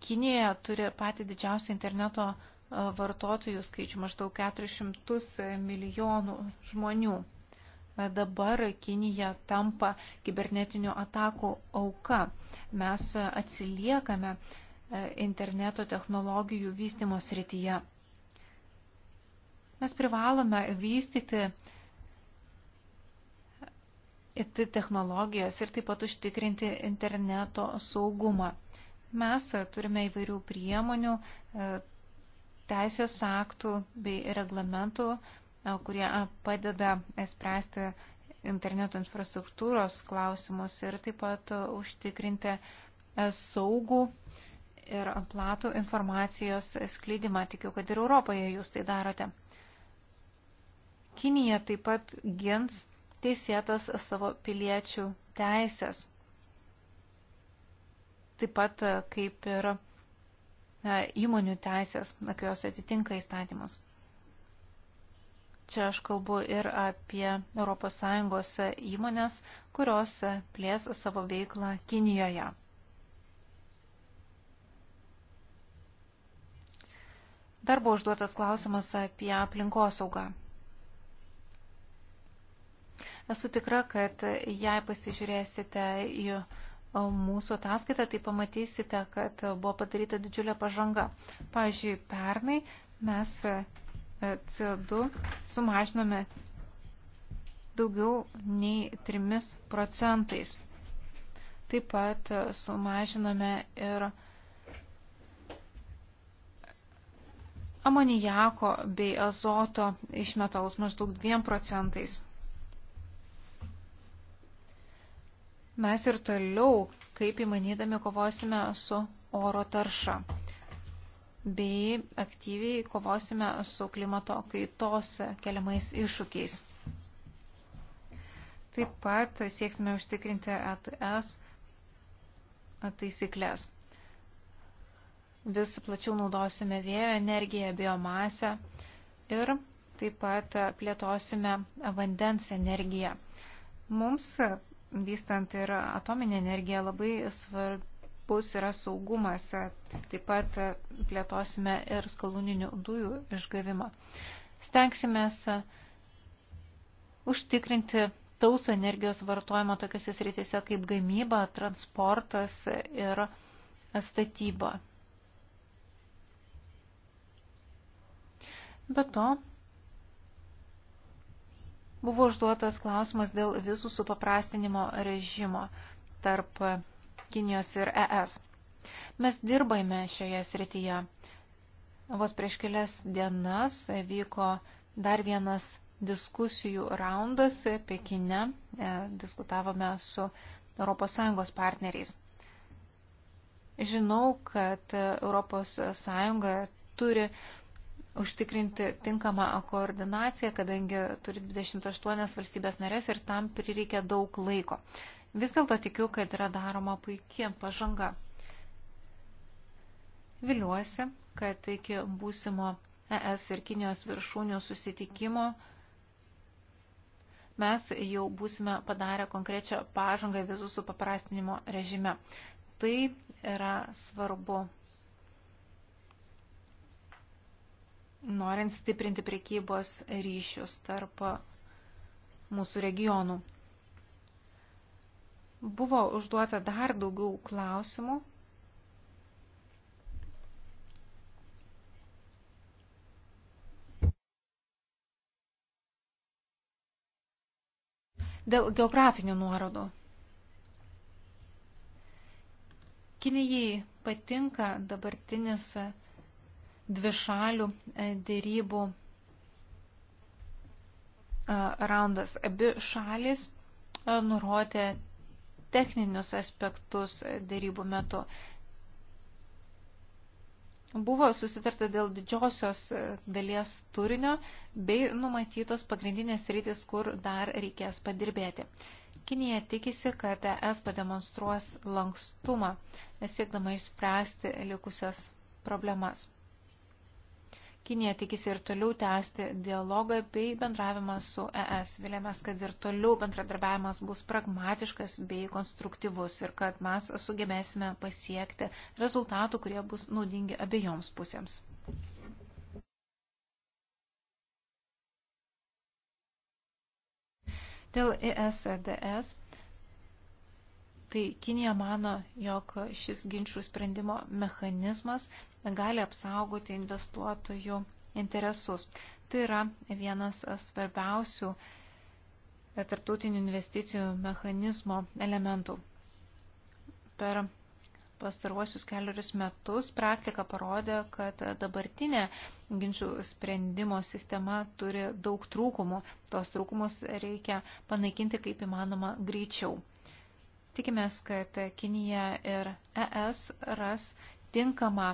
Kinija turi patį didžiausią interneto vartotojų skaičių maždaug 400 milijonų žmonių. Dabar Kinija tampa kibernetinių atakų auka. Mes atsiliekame interneto technologijų vystimo srityje. Mes privalome vystyti technologijas ir taip pat užtikrinti interneto saugumą. Mes turime įvairių priemonių, teisės aktų bei reglamentų, e, kurie e, padeda e, spręsti interneto infrastruktūros klausimus ir taip pat užtikrinti saugų ir platų informacijos sklydimą. Tikiu, kad ir Europoje jūs tai darote. Kinija taip pat gins teisėtas savo piliečių teisės. Taip pat kaip ir įmonių teisės, kai jos atitinka įstatymus. Čia aš kalbu ir apie ES įmonės, kurios plės savo veiklą Kinijoje. Dar buvo užduotas klausimas apie aplinkosaugą. Esu tikra, kad jei pasižiūrėsite į mūsų ataskaitą, tai pamatysite, kad buvo padaryta didžiulė pažanga. Pavyzdžiui, pernai mes e, CO2 sumažinome daugiau nei 3 procentais. Taip pat e, sumažinome ir amonijako bei azoto išmetalus maždaug 2 procentais. mes ir toliau, kaip įmanydami, kovosime su oro tarša bei aktyviai kovosime su klimato kaitos keliamais iššūkiais. Taip pat sieksime užtikrinti ETS taisyklės. Vis plačiau naudosime vėjo energiją, biomasę ir taip pat plėtosime vandens energiją. Mums vystant ir atominę energiją, labai svarbus yra saugumas. Taip pat plėtosime ir skaluninių dujų išgavimą. Stengsimės užtikrinti tausų energijos vartojimo tokiuose srityse kaip gamyba, transportas ir statyba. Be to, Buvo užduotas klausimas dėl visų supaprastinimo režimo tarp Kinijos ir ES. Mes dirbaime šioje srityje. Vos prieš kelias dienas vyko dar vienas diskusijų raundas Pekine. E, diskutavome su ES partneriais. Žinau, kad ES turi užtikrinti tinkamą koordinaciją, kadangi turi 28 valstybės narės ir tam prireikia daug laiko. Vis dėlto tikiu, kad yra daroma puikia pažanga. Viliuosi, kad iki būsimo ES ir Kinijos viršūnių susitikimo mes jau būsime padarę konkrečią pažangą vizų supaprastinimo režime. Tai yra svarbu norint stiprinti prekybos ryšius tarp mūsų regionų. Buvo užduota dar daugiau klausimų. Dėl geografinių nuorodų. Kinijai patinka dabartinis dvišalių e, dėrybų e, raundas. Abi šalis e, nurodė techninius aspektus dėrybų metu. Buvo susitarta dėl didžiosios dalies turinio bei numatytos pagrindinės rytis, kur dar reikės padirbėti. Kinija tikisi, kad ES pademonstruos lankstumą, siekdama išspręsti likusias problemas. Kinija tikisi ir toliau tęsti dialogą bei bendravimą su ES. Vilėmės, kad ir toliau bendradarbiavimas bus pragmatiškas bei konstruktyvus ir kad mes sugebėsime pasiekti rezultatų, kurie bus naudingi abiejoms pusėms. Dėl ESDS Tai Kinija mano, jog šis ginčių sprendimo mechanizmas gali apsaugoti investuotojų interesus. Tai yra vienas svarbiausių tarptautinių investicijų mechanizmo elementų. Per pastaruosius keliarius metus praktika parodė, kad dabartinė ginčių sprendimo sistema turi daug trūkumų. Tos trūkumus reikia panaikinti kaip įmanoma greičiau. Tikimės, kad Kinija ir ES ras tinkamą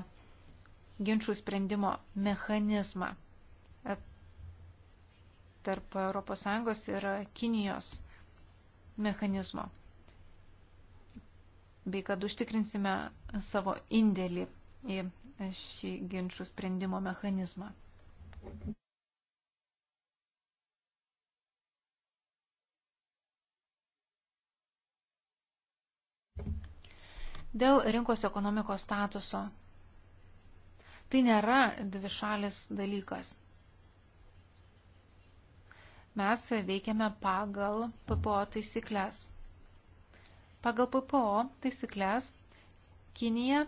ginčių sprendimo mechanizmą tarp ES ir Kinijos mechanizmo bei kad užtikrinsime savo indėlį į šį ginčių sprendimo mechanizmą. Dėl rinkos ekonomikos statuso. Tai nėra dvišalis dalykas. Mes veikiame pagal PPO taisyklės. Pagal PPO taisyklės Kinija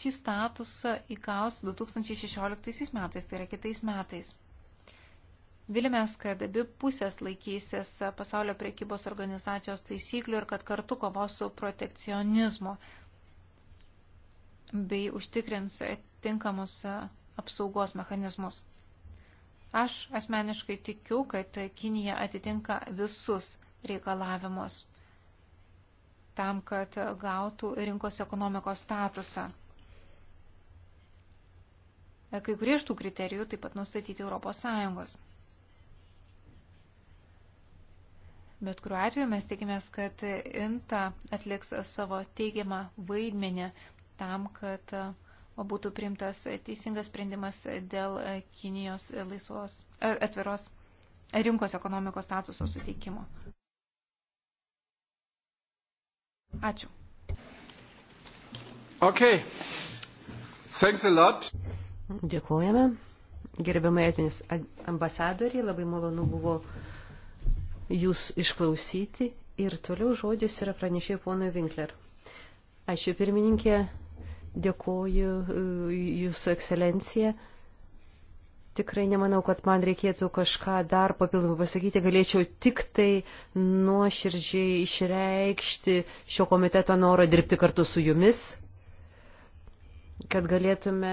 šį statusą įgaus 2016 metais, tai yra kitais metais. Vilimės, kad abi pusės laikysis pasaulio priekybos organizacijos taisyklių ir kad kartu kovos su protekcionizmu bei užtikrins tinkamus apsaugos mechanizmus. Aš asmeniškai tikiu, kad Kinija atitinka visus reikalavimus tam, kad gautų rinkos ekonomikos statusą. Kai kurie iš tų kriterijų taip pat nustatyti Europos Sąjungos. Bet kuriuo atveju mes tikimės, kad INTA atliks savo teigiamą vaidmenį tam, kad būtų priimtas teisingas sprendimas dėl Kinijos laisvos, atviros rinkos ekonomikos statuso suteikimo. Ačiū. Okay. Thanks a lot. Dėkojame. Gerbiamai etinis ambasadoriai, labai malonu buvo jūs išklausyti. Ir toliau žodis yra pranešė ponui Winkler. Ačiū pirmininkė. Dėkuoju e, Jūsų ekscelencija. Tikrai nemanau, kad man reikėtų kažką dar papildomai pasakyti. Galėčiau tik tai nuoširdžiai išreikšti šio komiteto norą dirbti kartu su jumis, kad galėtume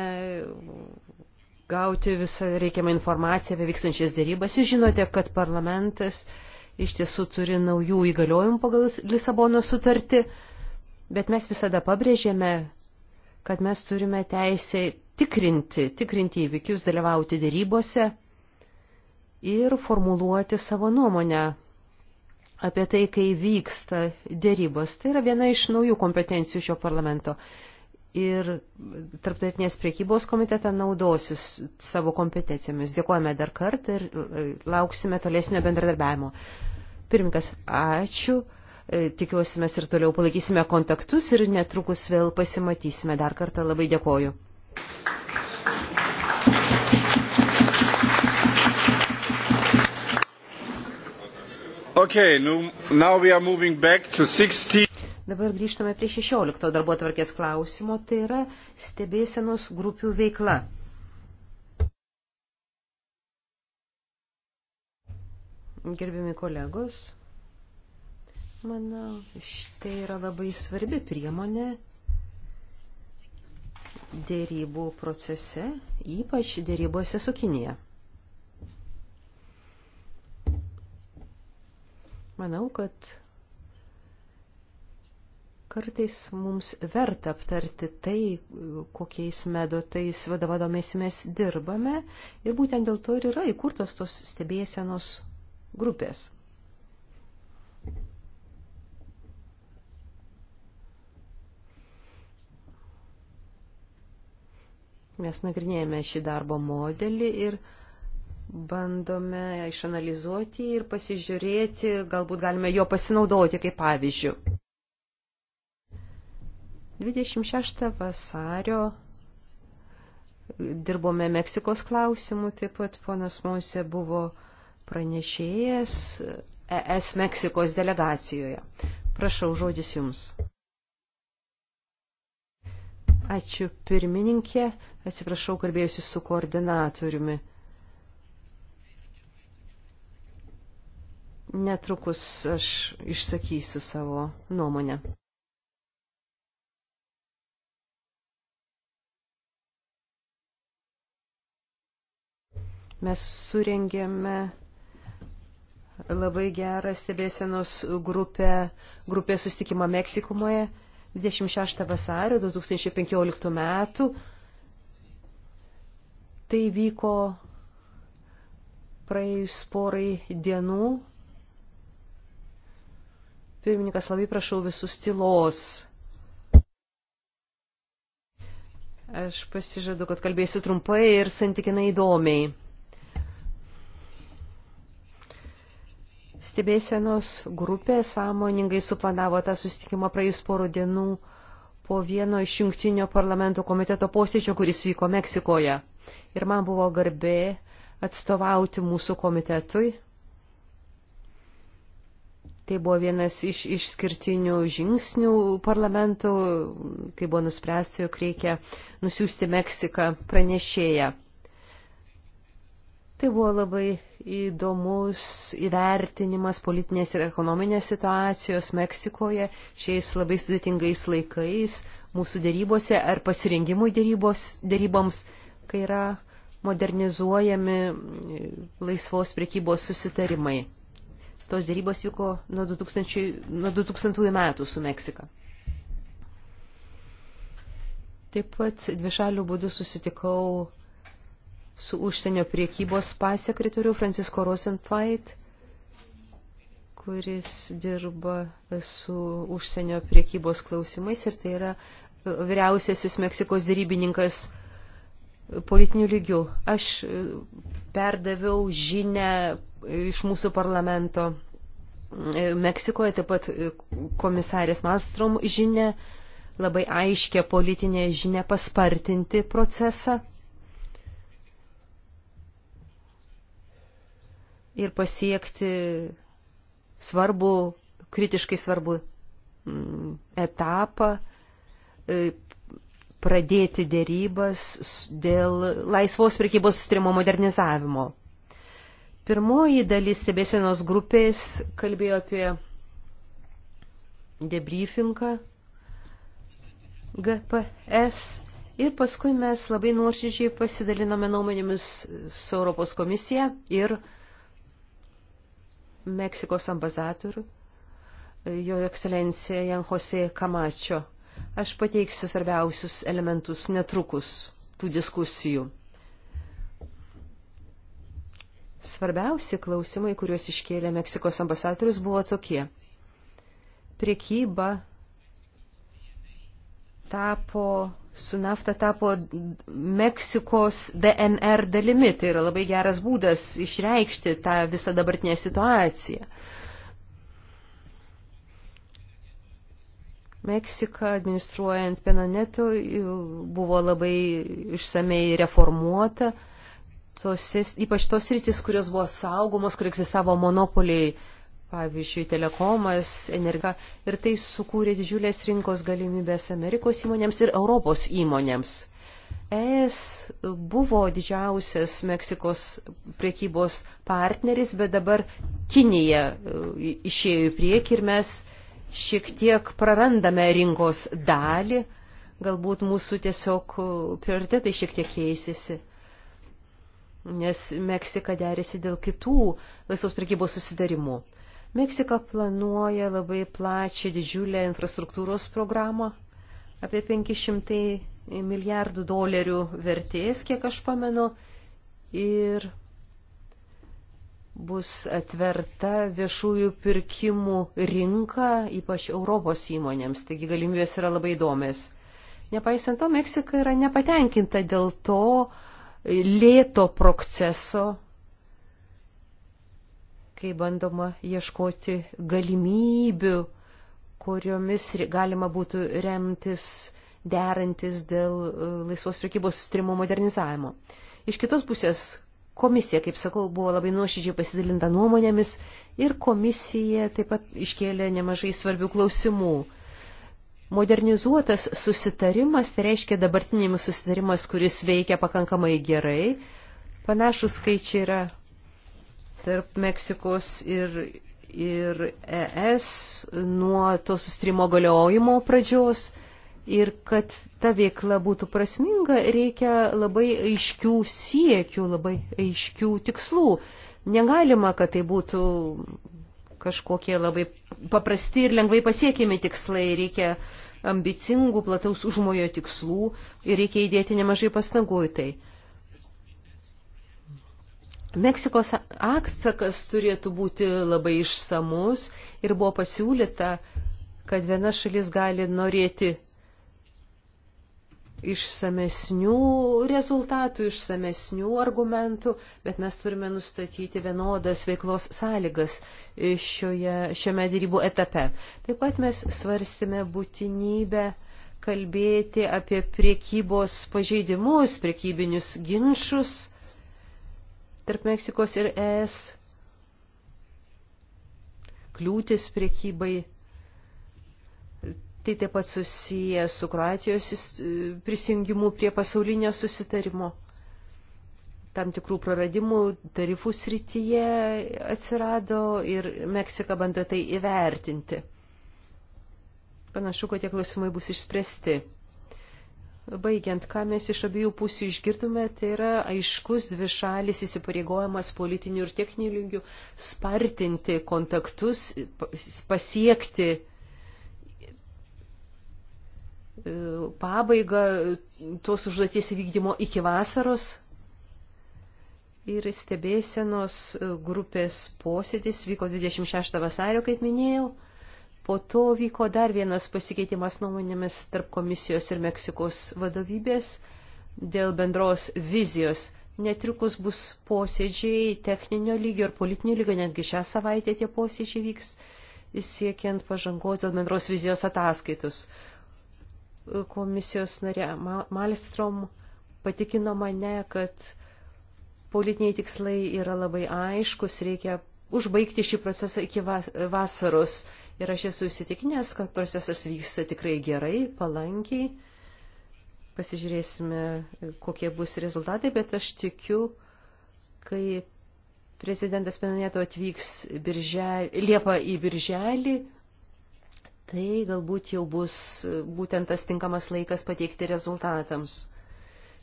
gauti visą reikiamą informaciją apie vykstančias dėrybas. Jūs žinote, kad parlamentas iš tiesų turi naujų įgaliojimų pagal Lisabono sutartį, bet mes visada pabrėžėme, kad mes turime teisę tikrinti, tikrinti įvykius, dalyvauti dėrybose ir formuluoti savo nuomonę apie tai, kai vyksta dėrybos. Tai yra viena iš naujų kompetencijų šio parlamento. Ir tarptautinės priekybos komitetą naudosis savo kompetencijomis. Dėkojame dar kartą ir lauksime tolesnio bendradarbiavimo. Pirmininkas, ačiū. E, tikiuosi mes ir toliau palaikysime kontaktus ir netrukus vėl pasimatysime. Dar kartą labai dėkoju. Okay, nu, now we are moving back to 16. Dabar grįžtame prie 16 darbo tvarkės klausimo, tai yra stebėsenos grupių veikla. Gerbiami kolegos, Manau, štai yra labai svarbi priemonė dėrybų procese, ypač dėrybose su Kinija. Manau, kad kartais mums verta aptarti tai, kokiais medotais vadovavomės mes dirbame ir būtent dėl to ir yra įkurtos tos stebėsenos grupės. Mes nagrinėjame šį darbo modelį ir bandome išanalizuoti ir pasižiūrėti, galbūt galime jo pasinaudoti kaip pavyzdžių. 26 vasario dirbome Meksikos klausimų, taip pat ponas Mose buvo pranešėjas ES Meksikos delegacijoje. Prašau, žodis jums. Ačiū pirmininkė, atsiprašau, kalbėjusi su koordinatoriumi. Netrukus aš išsakysiu savo nuomonę. mes surengėme labai gerą stebėsenos grupę, grupę sustikimą Meksikumoje 26 vasario 2015 metų. Tai vyko praėjus porai dienų. Pirmininkas, labai prašau visus tylos. Aš pasižadu, kad kalbėsiu trumpai ir santykinai įdomiai. Stebėsenos grupė sąmoningai suplanavo tą susitikimą praėjus porų dienų po vieno iš jungtinio parlamento komiteto posėdžio, kuris vyko Meksikoje. Ir man buvo garbė atstovauti mūsų komitetui. Tai buvo vienas iš išskirtinių žingsnių parlamentų, kai buvo nuspręsta, jog reikia nusiųsti Meksiką pranešėją. Tai buvo labai įdomus įvertinimas politinės ir ekonominės situacijos Meksikoje šiais labai sudėtingais laikais mūsų dėrybose ar pasirengimui dėrybos, dėryboms, kai yra modernizuojami laisvos priekybos susitarimai. Tos dėrybos vyko nuo 2000, nuo 2000 metų su Meksika. Taip pat dvišalių būdų susitikau su užsienio priekybos pasekretoriu Francisko Rosenfait, kuris dirba su užsienio priekybos klausimais ir tai yra e, vyriausiasis Meksikos dėrybininkas politinių lygių. Aš e, perdaviau žinę iš mūsų parlamento e, Meksikoje, taip pat komisarės Malstrom žinę, labai aiškę politinę žinę paspartinti procesą ir pasiekti svarbu, kritiškai svarbu mm, etapą, e, pradėti dėrybas dėl laisvos prekybos sustrimo modernizavimo. Pirmoji dalis stebėsenos grupės kalbėjo apie debriefingą GPS ir paskui mes labai nuoširdžiai pasidalinome nuomonėmis su Europos komisija ir uh, Meksikos ambasadorių, jo ekscelencija Jan Jose Kamačio. Aš pateiksiu svarbiausius elementus netrukus tų diskusijų. Svarbiausi klausimai, kuriuos iškėlė Meksikos ambasadorius, buvo tokie. Priekyba tapo su nafta tapo Meksikos DNR dalimi. Tai yra labai geras būdas išreikšti tą visą dabartinę situaciją. Meksika administruojant Penanetu buvo labai išsamei reformuota, tos, ypač tos rytis, kurios buvo saugomos, kur egzistavo monopoliai pavyzdžiui, telekomas, energa, ir tai sukūrė didžiulės rinkos galimybės Amerikos įmonėms ir Europos įmonėms. ES buvo didžiausias Meksikos priekybos partneris, bet dabar Kinija e, išėjo į priekį ir mes šiek tiek prarandame rinkos dalį, galbūt mūsų tiesiog e, prioritetai šiek tiek keisėsi nes Meksika derėsi dėl kitų laisvos prekybos susidarimų. Meksika planuoja labai plačią didžiulę infrastruktūros programą, apie 500 milijardų dolerių vertės, kiek aš pamenu, ir bus atverta viešųjų pirkimų rinka, ypač Europos įmonėms, taigi galimybės yra labai įdomės. Nepaisant to, Meksika yra nepatenkinta dėl to lėto proceso kai bandoma ieškoti galimybių, kuriomis galima būtų remtis, derantis dėl e, laisvos prekybos sustrimo modernizavimo. Iš kitos pusės, komisija, kaip sakau, buvo labai nuoširdžiai pasidalinta nuomonėmis ir komisija taip pat iškėlė nemažai svarbių klausimų. Modernizuotas susitarimas tai reiškia dabartinėmis susitarimas, kuris veikia pakankamai gerai. Panašus skaičiai yra tarp Meksikos ir, ir ES nuo to sustrimo galiojimo pradžios. Ir kad ta veikla būtų prasminga, reikia labai aiškių siekių, labai aiškių tikslų. Negalima, kad tai būtų kažkokie labai paprasti ir lengvai pasiekiami tikslai. Reikia ambicingų, plataus užmojo tikslų ir reikia įdėti nemažai pastangų į tai. Meksikos atsakas turėtų būti labai išsamus ir buvo pasiūlyta, kad viena šalis gali norėti išsamesnių rezultatų, išsamesnių argumentų, bet mes turime nustatyti vienodas veiklos sąlygas šioje, šiame dėrybų etape. Taip pat mes svarstėme būtinybę kalbėti apie priekybos pažeidimus, priekybinius ginčius tarp Meksikos ir ES, kliūtis priekybai, tai taip pat susiję su Kroatijos prisijungimu prie pasaulinio susitarimo. Tam tikrų praradimų tarifų srityje atsirado ir Meksika bando tai įvertinti. Panašu, kad tie klausimai bus išspręsti. Baigiant, ką mes iš abiejų pusių išgirdome, tai yra aiškus dvišalis įsipareigojimas politinių ir techninių lygių spartinti kontaktus, pasiekti e, pabaigą tos užduoties įvykdymo iki vasaros. Ir stebėsenos grupės posėdis vyko 26 vasario, kaip minėjau. Po to vyko dar vienas pasikeitimas nuomonėmis tarp komisijos ir Meksikos vadovybės dėl bendros vizijos. Netrukus bus posėdžiai techninio lygio ir politinio lygio, netgi šią savaitę tie posėdžiai vyks, siekiant pažangos dėl bendros vizijos ataskaitus. Komisijos narė Malstrom patikino mane, kad politiniai tikslai yra labai aiškus, reikia užbaigti šį procesą iki vasaros Ir aš esu įsitikinęs, kad procesas vyksta tikrai gerai, palankiai. Pasižiūrėsime, kokie bus rezultatai, bet aš tikiu, kai prezidentas Pinaneto atvyks birželį, Liepą į birželį, tai galbūt jau bus būtent tas tinkamas laikas pateikti rezultatams.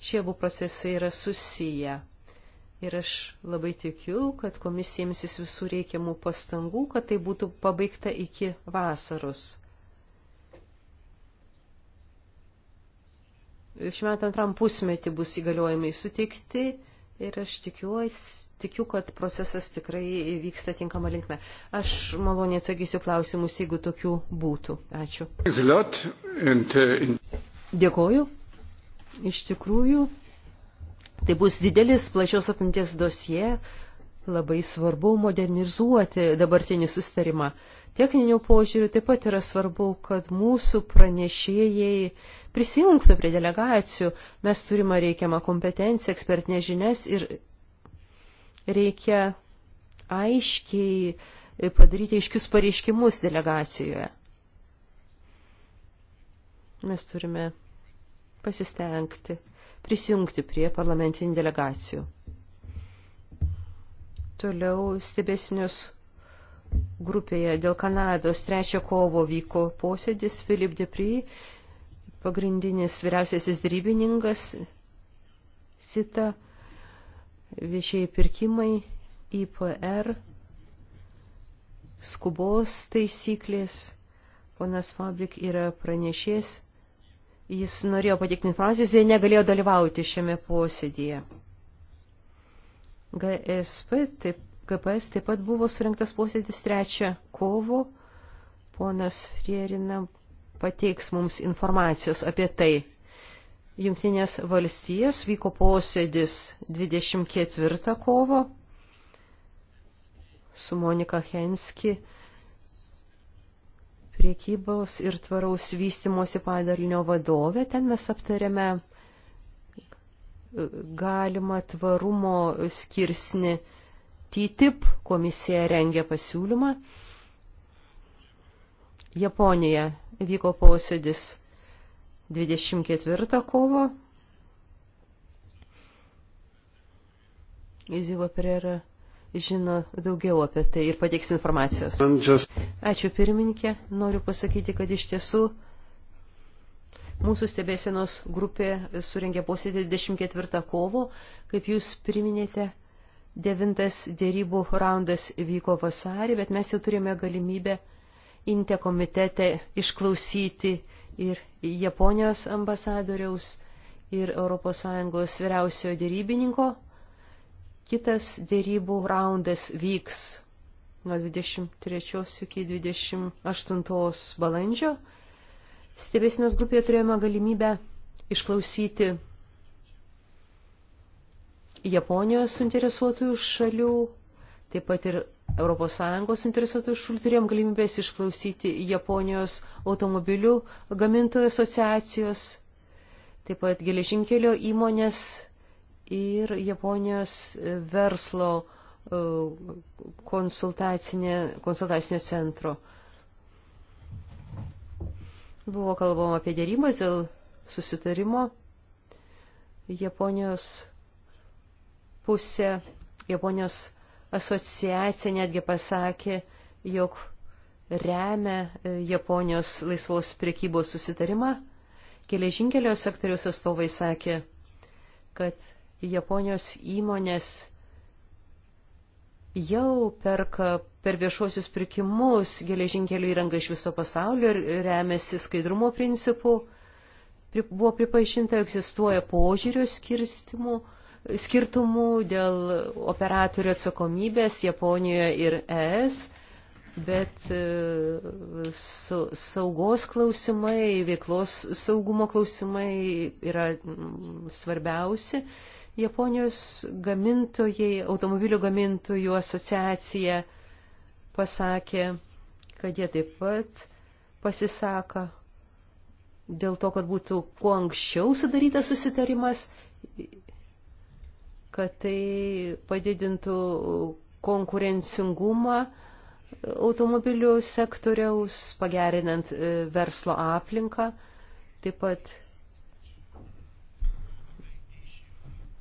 Šie abu procesai yra susiję. Ir aš labai tikiu, kad komisija imsis visų reikiamų pastangų, kad tai būtų pabaigta iki vasaros. Šiuo metu antram pusmetį bus įgaliojimai suteikti ir aš tikiuosi, tikiu, kad procesas tikrai vyksta tinkama linkme. Aš maloniai atsakysiu klausimus, jeigu tokių būtų. Ačiū. Uh, Dėkoju. Iš tikrųjų, Tai bus didelis plačios apimties dosie, labai svarbu modernizuoti dabartinį sustarimą. Techninių požiūrių taip pat yra svarbu, kad mūsų pranešėjai prisijungtų prie delegacijų. Mes turime reikiamą kompetenciją, ekspertinės žinias ir reikia aiškiai padaryti aiškius pareiškimus delegacijoje. Mes turime pasistengti prisijungti prie parlamentinių delegacijų. Toliau stebėsinius grupėje dėl Kanados 3 kovo vyko posėdis Filip Depri, pagrindinis vyriausiasis drybininkas, SITA, viešieji pirkimai, IPR, skubos taisyklės, ponas Fabrik yra pranešės Jis norėjo patikti informacijos, jie negalėjo dalyvauti šiame posėdėje. GSP, taip, GPS taip pat buvo surinktas posėdis 3 kovo. Ponas Frierina pateiks mums informacijos apie tai. Jungtinės valstijos vyko posėdis 24 kovo su Monika Henski priekybos ir tvaraus vystimosi padalinio vadovė. Ten mes aptarėme e, galima tvarumo skirsni TTIP, komisija rengia pasiūlymą. Japonija vyko posėdis 24 kovo. Iziva Pereira žino daugiau apie tai ir pateiks informacijos. Ačiū pirmininkė, noriu pasakyti, kad iš tiesų mūsų stebėsenos grupė surengė posėdį 24 kovo, kaip jūs priminėte. Devintas dėrybų raundas vyko vasarį, bet mes jau turėjome galimybę Inte komitete išklausyti ir Japonijos ambasadoriaus ir ES vyriausiojo dėrybininko Kitas dėrybų raundas vyks nuo 23 iki 28 balandžio. Stebėsinos grupėje turėjome galimybę išklausyti Japonijos suinteresuotųjų šalių, taip pat ir ES interesuotųjų šalių turėjom galimybės išklausyti Japonijos automobilių gamintojų asociacijos, taip pat geležinkelio įmonės ir Japonijos verslo e, konsultacinio centro. Buvo kalbama apie dėrybas dėl susitarimo. Japonijos pusė, Japonijos asociacija netgi pasakė, jog remia e, Japonijos laisvos priekybos susitarimą. Geležinkelio sektoriaus atstovai sakė, kad Japonijos įmonės jau perka per viešuosius pirkimus geležinkelių įrangą iš viso pasaulio ir remiasi skaidrumo principu. Buvo pripažinta, egzistuoja požiūrių skirstimų, skirtumų dėl operatorių atsakomybės Japonijoje ir ES, bet e, saugos klausimai, veiklos saugumo klausimai yra svarbiausi Japonijos gamintojai, automobilių gamintojų asociacija pasakė, kad jie taip pat pasisaka dėl to, kad būtų kuo anksčiau sudarytas susitarimas, kad tai padidintų konkurencingumą automobilių sektoriaus, pagerinant e, verslo aplinką, taip pat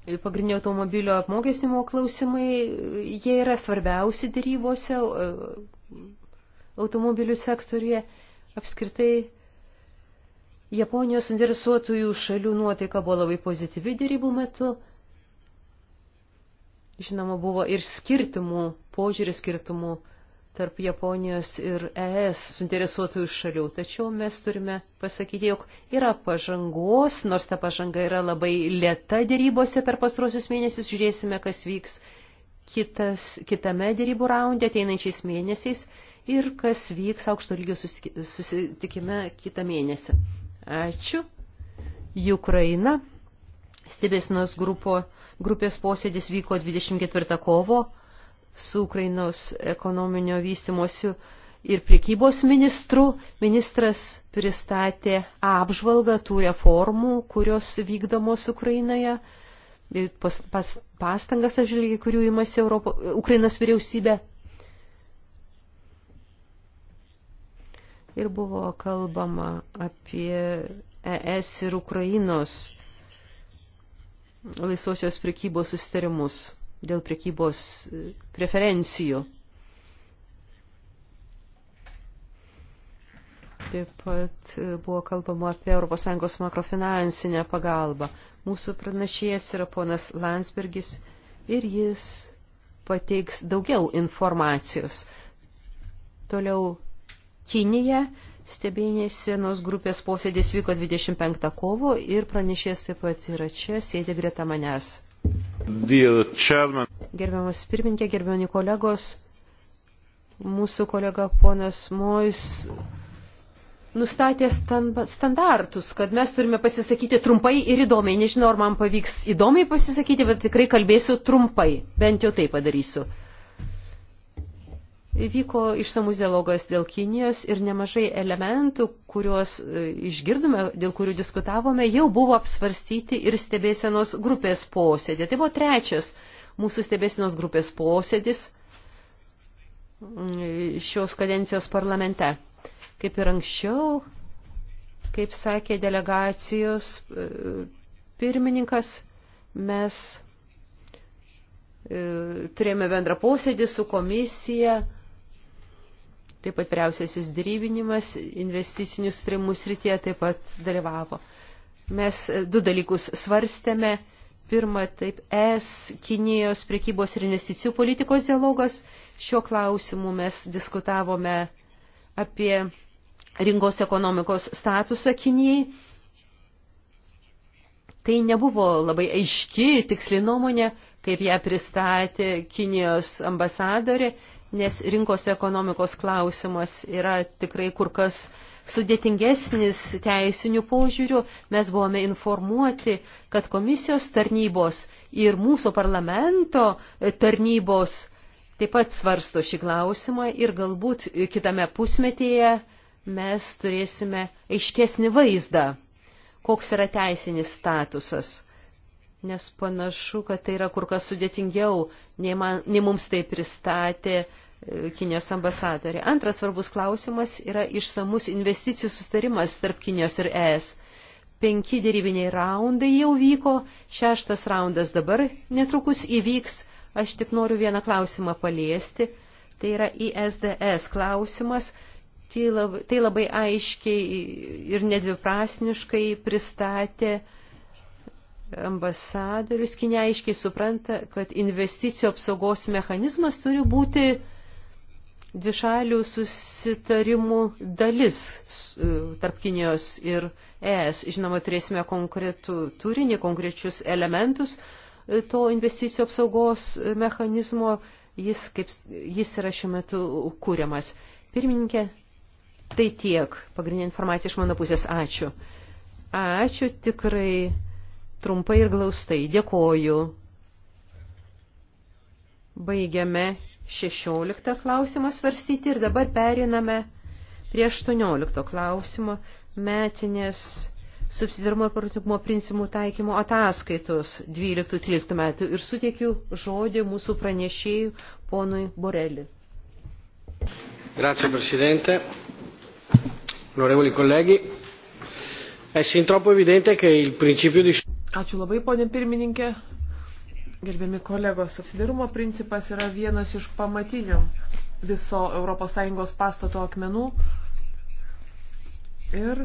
pagrindinio automobilio apmokestimo klausimai, jie yra svarbiausi dėrybose e, automobilių sektoriuje. Apskritai, Japonijos interesuotųjų šalių nuotaika buvo labai pozityvi dėrybų metu. Žinoma, buvo ir skirtimų, požiūrį skirtimų tarp Japonijos ir ES suinteresuotųjų šalių. Tačiau mes turime pasakyti, jog yra pažangos, nors ta pažanga yra labai lėta dėrybose per pastrosius mėnesius. Žiūrėsime, kas vyks kitas, kitame dėrybų raunde ateinančiais mėnesiais ir kas vyks aukšto lygio susitikime kitą mėnesį. Ačiū. Ukraina. Stebėsinos grupės posėdis vyko 24 kovo su Ukrainos ekonominio vystimosiu ir prekybos ministru. Ministras pristatė apžvalgą tų reformų, kurios vykdomos Ukrainoje ir pas, pas, pastangas apžvelgė, kurių imasi Europo, Ukrainos vyriausybė. Ir buvo kalbama apie ES ir Ukrainos laisvosios prekybos sustarimus dėl prekybos e, preferencijų. Taip pat e, buvo kalbama apie ES makrofinansinę pagalbą. Mūsų pranašėjas yra ponas Landsbergis ir jis pateiks daugiau informacijos. Toliau Kinija stebėjinės sienos grupės posėdės vyko 25 kovo ir pranešės taip pat yra čia, sėdė greta manęs. Gerbiamas pirmininkė, gerbiami kolegos, mūsų kolega ponas Mojus nustatė standartus, kad mes turime pasisakyti trumpai ir įdomiai. Nežinau, ar man pavyks įdomiai pasisakyti, bet tikrai kalbėsiu trumpai. Bent jau tai padarysiu. Vyko išsamus dialogas dėl Kinijos ir nemažai elementų, kuriuos e, išgirdome, dėl kurių diskutavome, jau buvo apsvarstyti ir stebėsenos grupės posėdė. Tai buvo trečias mūsų stebėsenos grupės posėdis šios kadencijos parlamente. Kaip ir anksčiau, kaip sakė delegacijos e, pirmininkas, mes e, turėjome bendrą posėdį su komisija taip pat vyriausiasis dėrybinimas investicinių streimų srityje taip pat dalyvavo. Mes e, du dalykus svarstėme. Pirma, taip, ES, Kinijos priekybos ir investicijų politikos dialogas. Šiuo klausimu mes diskutavome apie rinkos ekonomikos statusą Kinijai. Tai nebuvo labai aiški tiksli nuomonė, kaip ją pristatė Kinijos ambasadorė nes rinkos ekonomikos klausimas yra tikrai kur kas sudėtingesnis teisinių požiūrių. Mes buvome informuoti, kad komisijos tarnybos ir mūsų parlamento tarnybos taip pat svarsto šį klausimą ir galbūt kitame pusmetyje mes turėsime aiškesnį vaizdą, koks yra teisinis statusas. Nes panašu, kad tai yra kur kas sudėtingiau, nei, man, nei mums tai pristatė uh, Kinijos ambasadorė. Antras svarbus klausimas yra išsamus investicijų sustarimas tarp Kinijos ir ES. Penki dėrybiniai raundai jau vyko, šeštas raundas dabar netrukus įvyks. Aš tik noriu vieną klausimą paliesti. Tai yra ISDS klausimas. Tai labai, tai labai aiškiai ir nedviprasniškai pristatė ambasadorius. Kinė aiškiai supranta, kad investicijų apsaugos mechanizmas turi būti uh, dvišalių susitarimų dalis e, tarp Kinijos ir ES. Žinoma, turėsime konkretų turinį, konkrečius elementus e, to investicijų apsaugos mechanizmo. Jis, kaip, jis yra šiuo metu kūriamas. Pirmininkė, tai tiek. Pagrindinė informacija iš mano pusės. Ačiū. Ačiū tikrai trumpai ir glaustai. Dėkoju. Baigiame 16 klausimą svarstyti ir dabar periname prie 18 klausimo metinės subsidiarumo ir protingumo principų taikymo ataskaitos 12-13 metų ir suteikiu žodį mūsų pranešėjų ponui Borelį. Grazie Presidente, onorevoli colleghi. È sin troppo evidente che il principio di... Ačiū labai, ponė pirmininkė. Gerbiami kolegos, subsidarumo principas yra vienas iš pamatinių viso ES pastato akmenų. Ir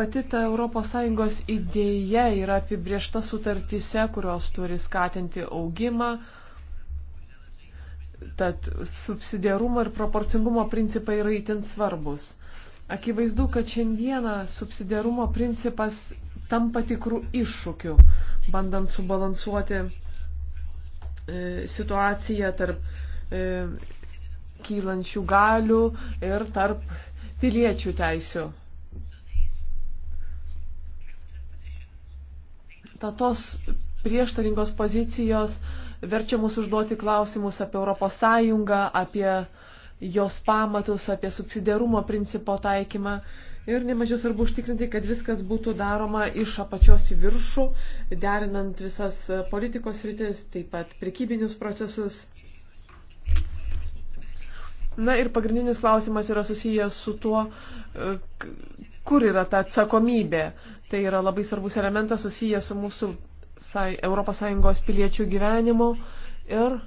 pati ta ES idėja yra apibriešta sutartyse, kurios turi skatinti augimą. Tad subsidiarumo ir proporcingumo principai yra itin svarbus. Akivaizdu, kad šiandieną subsidiarumo principas tampa tikrų iššūkių, bandant subalansuoti E, situacija tarp e, kylančių galių ir tarp piliečių teisių. Ta tos prieštaringos pozicijos verčia mus užduoti klausimus apie Europos Sąjungą, apie jos pamatus, apie subsidiarumo principo taikymą. Ir nemažiau svarbu užtikrinti, kad viskas būtų daroma iš apačios į viršų, derinant visas politikos rytis, taip pat prekybinius procesus. Na ir pagrindinis klausimas yra susijęs su tuo, e, kur yra ta atsakomybė. Tai yra labai svarbus elementas susijęs su mūsų ES piliečių gyvenimu ir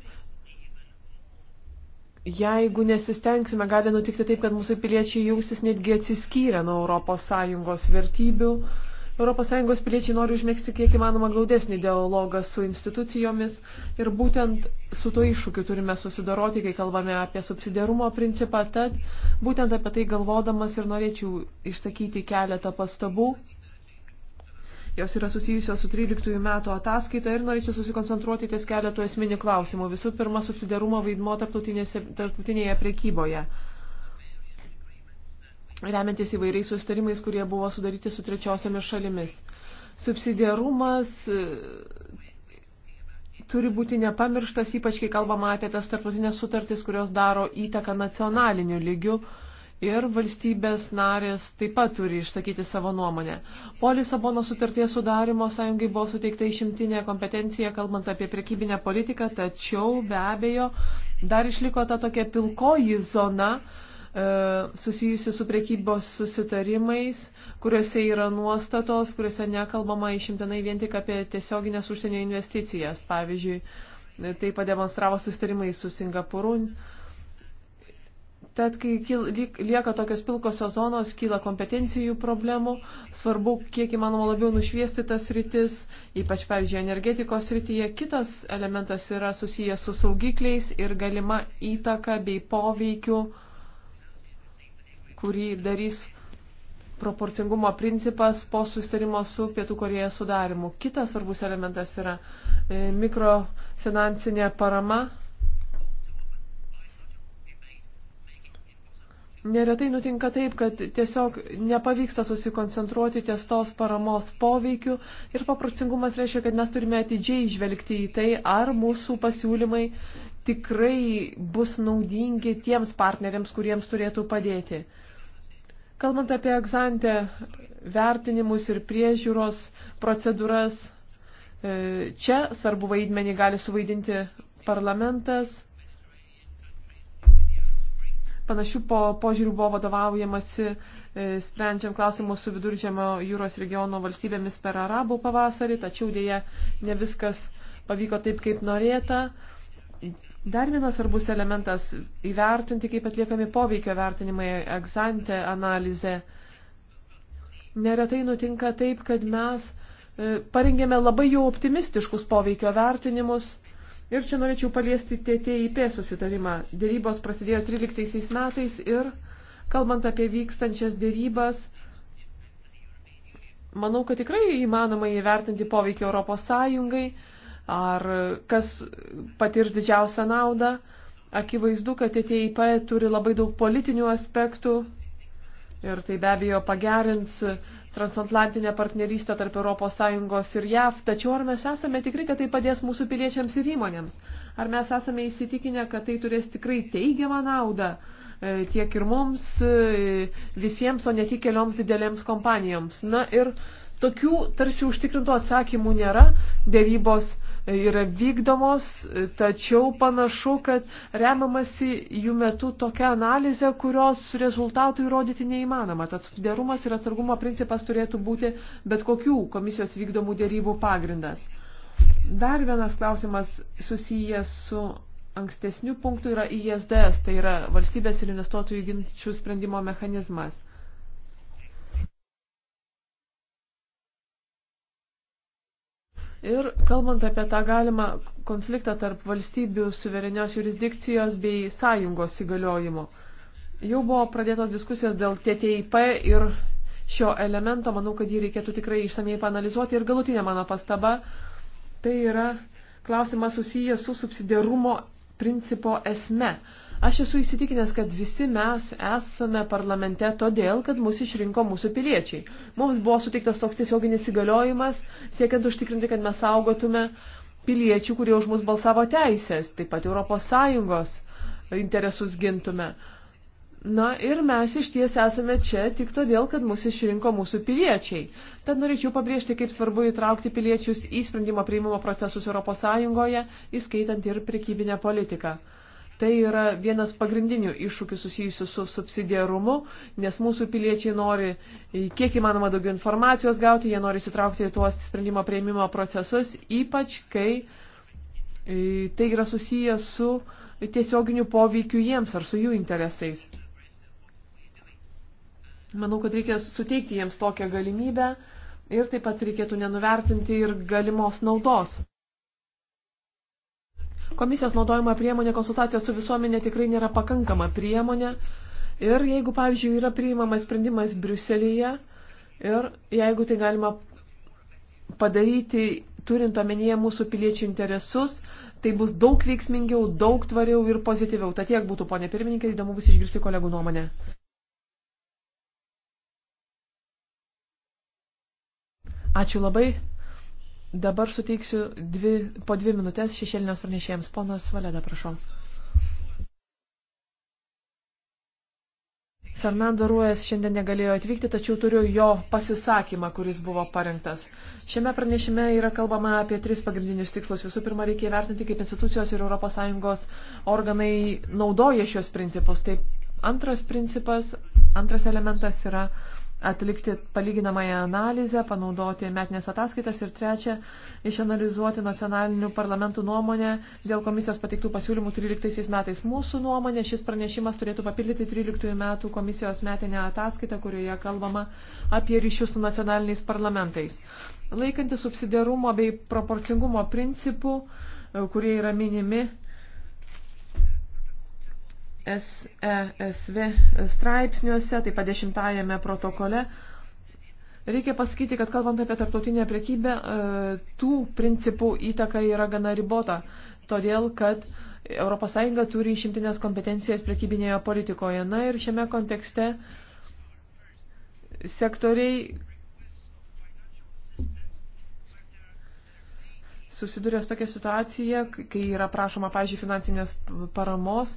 Jeigu nesistengsime, gali nutikti taip, kad mūsų piliečiai jausis netgi atsiskyrę nuo ES vertybių. ES piliečiai nori užmėgsti kiek įmanoma glaudesnį dialogą su institucijomis ir būtent su tuo iššūkiu turime susidaroti, kai kalbame apie subsidiarumo principą, tad būtent apie tai galvodamas ir norėčiau išsakyti keletą pastabų. Jos yra susijusios su 13 metų ataskaita ir norėčiau susikoncentruoti ties keletų esminių klausimų. Visų pirma, subsidiarumo vaidmo tarptautinėje prekyboje. Remiantis įvairiais sustarimais, kurie buvo sudaryti su trečiosiamis šalimis. Subsidiarumas e, turi būti nepamirštas, ypač kai kalbama apie tas tarptautinės sutartis, kurios daro įtaką nacionaliniu lygiu ir valstybės narės taip pat turi išsakyti savo nuomonę. Po Lisabono sutarties sudarimo sąjungai buvo suteikta išimtinė kompetencija, kalbant apie prekybinę politiką, tačiau be abejo dar išliko ta tokia pilkoji zona e, susijusi su prekybos susitarimais, kuriuose yra nuostatos, kuriuose nekalbama išimtinai vien tik apie tiesioginės užsienio investicijas. Pavyzdžiui, tai pademonstravo susitarimai su Singapūru, Tad, kai lieka tokios pilkosios zonos, kyla kompetencijų problemų, svarbu, kiek įmanoma labiau nušviesti tas rytis, ypač, pavyzdžiui, energetikos rytyje. Kitas elementas yra susijęs su saugikliais ir galima įtaka bei poveikiu, kurį darys proporcingumo principas po sustarimo su Pietų Koreja sudarimu. Kitas svarbus elementas yra e, mikrofinansinė parama Neretai nutinka taip, kad tiesiog nepavyksta susikoncentruoti ties tos paramos poveikiu ir papracingumas reiškia, kad mes turime atidžiai žvelgti į tai, ar mūsų pasiūlymai tikrai bus naudingi tiems partneriams, kuriems turėtų padėti. Kalbant apie egzantę vertinimus ir priežiūros procedūras, e, čia svarbu vaidmenį gali suvaidinti parlamentas Panašių po, požiūrių buvo vadovaujamasi e, sprendžiant klausimus su viduržėmio jūros regiono valstybėmis per arabų pavasarį, tačiau dėja ne viskas pavyko taip, kaip norėta. Dar vienas svarbus elementas - įvertinti, kaip atliekami poveikio vertinimai, egzante analizė. Neretai nutinka taip, kad mes e, parengėme labai jau optimistiškus poveikio vertinimus Ir čia norėčiau paliesti TTIP susitarimą. Dėrybos prasidėjo 13 metais ir, kalbant apie vykstančias dėrybas, manau, kad tikrai įmanoma įvertinti poveikį Europos Sąjungai, ar kas patirs didžiausią naudą. Akivaizdu, kad TTIP turi labai daug politinių aspektų ir tai be abejo pagerins transatlantinę partnerystę tarp ES ir JAV, tačiau ar mes esame tikri, kad tai padės mūsų piliečiams ir įmonėms? Ar mes esame įsitikinę, kad tai turės tikrai teigiamą naudą e, tiek ir mums e, visiems, o ne tik kelioms didelėms kompanijoms? Na ir tokių tarsi užtikrintų atsakymų nėra. Dėrybos yra vykdomos, tačiau panašu, kad remiamasi jų metu tokia analizė, kurios rezultatų įrodyti neįmanoma. Tad subsidiarumas ir atsargumo principas turėtų būti bet kokių komisijos vykdomų dėrybų pagrindas. Dar vienas klausimas susijęs su ankstesniu punktu yra ISDS, tai yra valstybės ir investuotojų ginčių sprendimo mechanizmas. Ir kalbant apie tą galimą konfliktą tarp valstybių suverenios jurisdikcijos bei sąjungos įgaliojimo, jau buvo pradėtos diskusijos dėl TTIP ir šio elemento, manau, kad jį reikėtų tikrai išsamei panalizuoti ir galutinė mano pastaba, tai yra klausimas susijęs su subsidiarumo principo esme. Aš esu įsitikinęs, kad visi mes esame parlamente todėl, kad mus išrinko mūsų piliečiai. Mums buvo suteiktas toks tiesioginis įgaliojimas, siekiant užtikrinti, kad mes saugotume piliečių, kurie už mus balsavo teisės, taip pat ES interesus gintume. Na ir mes iš ties esame čia tik todėl, kad mus išrinko mūsų piliečiai. Tad norėčiau pabrėžti, kaip svarbu įtraukti piliečius į sprendimo priimimo procesus ES, įskaitant ir prekybinę politiką. Tai yra vienas pagrindinių iššūkių susijusių su subsidiarumu, nes mūsų piliečiai nori e, kiek įmanoma daugiau informacijos gauti, jie nori įsitraukti į tuos sprendimo prieimimo procesus, ypač kai e, tai yra susijęs su tiesioginiu poveikiu jiems ar su jų interesais. Manau, kad reikia suteikti jiems tokią galimybę ir taip pat reikėtų nenuvertinti ir galimos naudos. Komisijos naudojama priemonė konsultacija su visuomenė tikrai nėra pakankama priemonė. Ir jeigu, pavyzdžiui, yra priimamas sprendimas Briuselyje ir jeigu tai galima padaryti, turint omenyje mūsų piliečių interesus, tai bus daug veiksmingiau, daug tvariau ir pozityviau. Tad tiek būtų, ponė pirmininkė, įdomu bus išgirsti kolegų nuomonę. Ačiū labai. Dabar suteiksiu dvi, po dvi minutės šešėlinės pranešėjams. Ponas Valeda, prašau. Fernando Ruės šiandien negalėjo atvykti, tačiau turiu jo pasisakymą, kuris buvo parengtas. Šiame pranešime yra kalbama apie tris pagrindinius tikslus. Visų pirma, reikia vertinti, kaip institucijos ir ES organai naudoja šios principus. Taip, antras principas, antras elementas yra atlikti palyginamąją analizę, panaudoti metinės ataskaitas ir trečia, išanalizuoti nacionalinių parlamentų nuomonę dėl komisijos pateiktų pasiūlymų 13 metais. Mūsų nuomonė šis pranešimas turėtų papildyti 13 metų komisijos metinę ataskaitą, kurioje kalbama apie ryšius su nacionaliniais parlamentais. Laikantis subsidiarumo bei proporcingumo principų, kurie yra minimi SESV straipsniuose, taip pat dešimtajame protokole. Reikia pasakyti, kad kalbant apie tarptautinę prekybę, e, tų principų įtaka yra gana ribota, todėl kad ES turi išimtinės kompetencijas prekybinėje politikoje. Na ir šiame kontekste sektoriai susiduria su tokia situacija, kai yra prašoma, pažiūrėjau, finansinės paramos,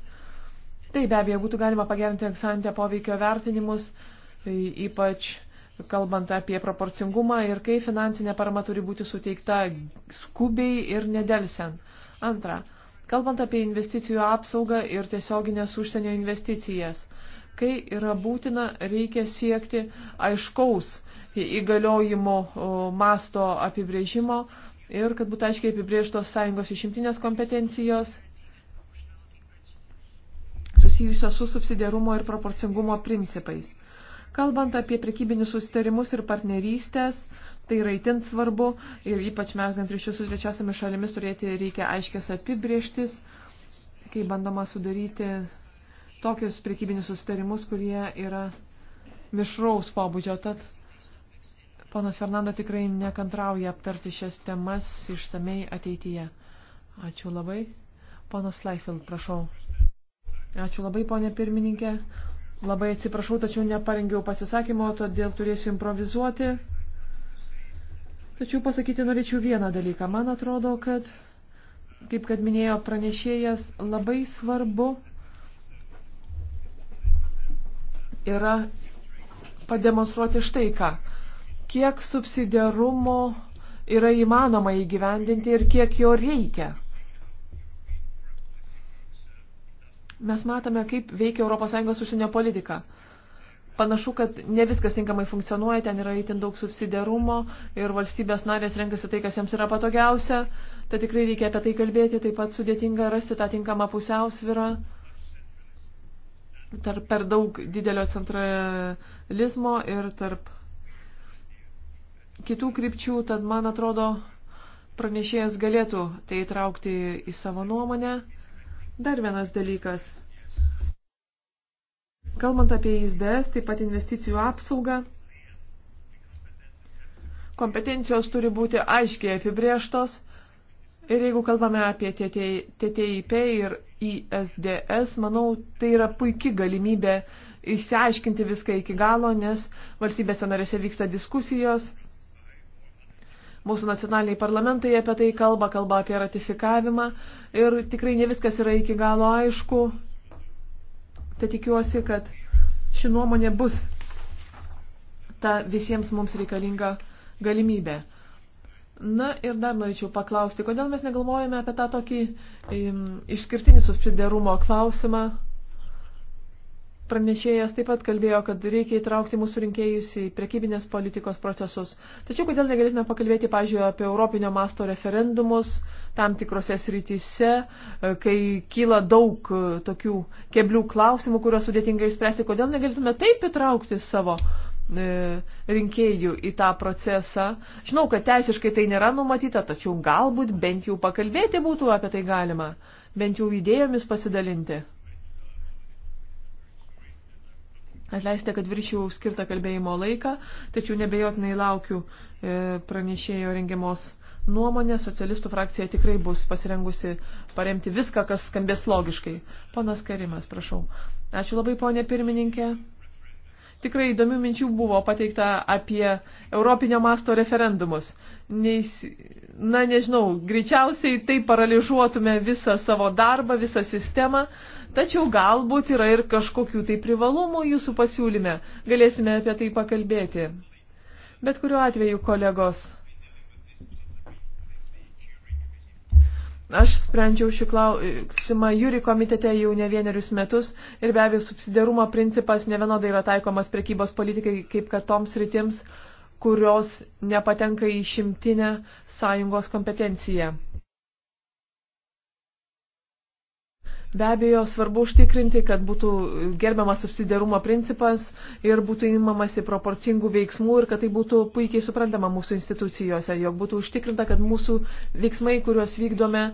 Tai be abejo būtų galima pagerinti eksantę poveikio vertinimus, e, ypač kalbant apie proporcingumą ir kai finansinė parama turi būti suteikta skubiai ir nedelsiant. Antra, kalbant apie investicijų apsaugą ir tiesioginės užsienio investicijas. Kai yra būtina, reikia siekti aiškaus įgaliojimo masto apibrėžimo ir kad būtų aiškiai apibrėžtos sąjungos išimtinės kompetencijos susijusios su subsidiarumo ir proporcingumo principais. Kalbant apie prekybinius susitarimus ir partnerystės, tai yra itin svarbu ir ypač merkant ryšius su trečiosiamis šalimis turėti reikia aiškės apibrieštis, kai bandoma sudaryti tokius prekybinius susitarimus, kurie yra mišraus pobūdžio. Tad ponas Fernando tikrai nekantrauja aptarti šias temas išsamei ateityje. Ačiū labai. Ponas Leifeld, prašau. Ačiū labai, ponė pirmininkė. Labai atsiprašau, tačiau neparengiau pasisakymo, todėl turėsiu improvizuoti. Tačiau pasakyti norėčiau vieną dalyką. Man atrodo, kad, kaip kad minėjo pranešėjas, labai svarbu yra pademonstruoti štai ką. Kiek subsidiarumo yra įmanoma įgyvendinti ir kiek jo reikia. Mes matome, kaip veikia ES užsienio politika. Panašu, kad ne viskas tinkamai funkcionuoja, ten yra itin daug subsidiarumo ir valstybės narės renkasi tai, kas jiems yra patogiausia. Tai tikrai reikia apie tai kalbėti, taip pat sudėtinga rasti tą tinkamą pusiausvyrą tarp per daug didelio centralizmo ir tarp kitų krypčių, tad man atrodo, pranešėjas galėtų tai įtraukti į savo nuomonę. Dar vienas dalykas. Kalbant apie ISDS, taip pat investicijų apsaugą, kompetencijos turi būti aiškiai apibrieštos ir jeigu kalbame apie TTIP ir ISDS, manau, tai yra puikia galimybė išsiaiškinti viską iki galo, nes valstybėse narėse vyksta diskusijos Mūsų nacionaliniai parlamentai apie tai kalba, kalba apie ratifikavimą ir tikrai ne viskas yra iki galo aišku. Tai tikiuosi, kad ši nuomonė bus ta visiems mums reikalinga galimybė. Na ir dar norėčiau paklausti, kodėl mes negalvojame apie tą tokį im, išskirtinį subsidiarumo klausimą pranešėjas taip pat kalbėjo, kad reikia įtraukti mūsų rinkėjus į prekybinės politikos procesus. Tačiau kodėl negalėtume pakalbėti, pažiūrėjau, apie europinio masto referendumus tam tikrose srityse, e, kai kyla daug e, tokių keblių klausimų, kuriuos sudėtingai išspręsti, kodėl negalėtume taip įtraukti savo e, rinkėjų į tą procesą. Žinau, kad teisiškai tai nėra numatyta, tačiau galbūt bent jau pakalbėti būtų apie tai galima, bent jau idėjomis pasidalinti. Atleisite, kad viršiau skirtą kalbėjimo laiką, tačiau nebejotinai laukiu e, pranešėjo rengiamos nuomonė, socialistų frakcija tikrai bus pasirengusi paremti viską, kas skambės logiškai. Ponas Karimas, prašau. Ačiū labai, ponė pirmininkė. Tikrai įdomių minčių buvo pateikta apie Europinio masto referendumus. Neis, na, nežinau, greičiausiai tai paralyžuotume visą savo darbą, visą sistemą, tačiau galbūt yra ir kažkokių tai privalumų jūsų pasiūlyme. Galėsime apie tai pakalbėti. Bet kuriuo atveju, kolegos, Aš sprendžiau šį klausimą Jūri komitete jau ne vienerius metus ir be abejo subsidiarumo principas nevienodai yra taikomas prekybos politikai kaip kad toms rytims, kurios nepatenka į šimtinę sąjungos kompetenciją. Be abejo, svarbu užtikrinti, kad būtų gerbiamas subsidiarumo principas ir būtų įmamasi proporcingų veiksmų ir kad tai būtų puikiai suprantama mūsų institucijose, jog būtų užtikrinta, kad mūsų veiksmai, kuriuos vykdome,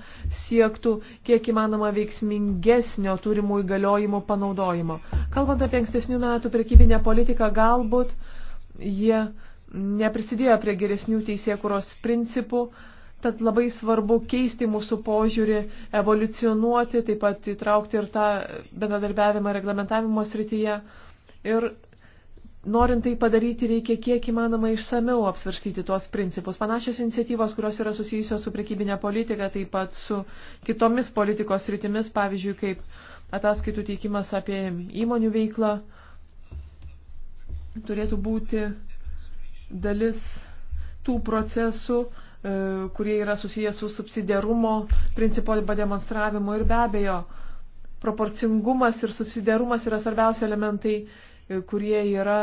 siektų kiek įmanoma veiksmingesnio turimų įgaliojimų panaudojimo. Kalbant apie ankstesnių metų prekybinę politiką, galbūt jie neprisidėjo prie geresnių teisėkuros principų, Tad labai svarbu keisti mūsų požiūrį, evoliucionuoti, taip pat įtraukti ir tą bendradarbiavimą reglamentavimo srityje. Ir norint tai padaryti, reikia kiek įmanoma išsameu apsvarstyti tuos principus. Panašios iniciatyvos, kurios yra susijusios su prekybinė politika, taip pat su kitomis politikos sritimis, pavyzdžiui, kaip ataskaitų teikimas apie įmonių veiklą, turėtų būti dalis tų procesų, E, kurie yra susijęs su subsidiarumo principo demonstravimu ir be abejo proporcingumas ir subsidiarumas yra svarbiausi elementai, e, kurie yra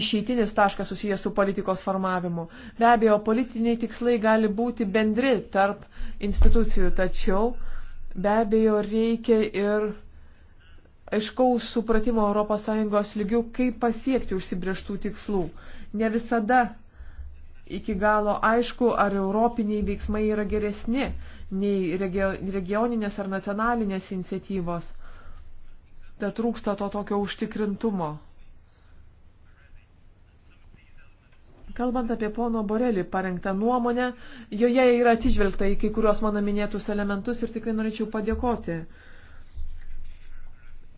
išeitinis taškas susijęs su politikos formavimu. Be abejo, politiniai tikslai gali būti bendri tarp institucijų, tačiau be abejo reikia ir aiškaus supratimo ES lygių, kaip pasiekti užsibrieštų tikslų. Ne visada iki galo aišku, ar europiniai veiksmai yra geresni nei regioninės ar nacionalinės iniciatyvos. Tad trūksta to tokio užtikrintumo. Kalbant apie pono Borelį parengtą nuomonę, joje yra atsižvelgta į kai kuriuos mano minėtus elementus ir tikrai norėčiau padėkoti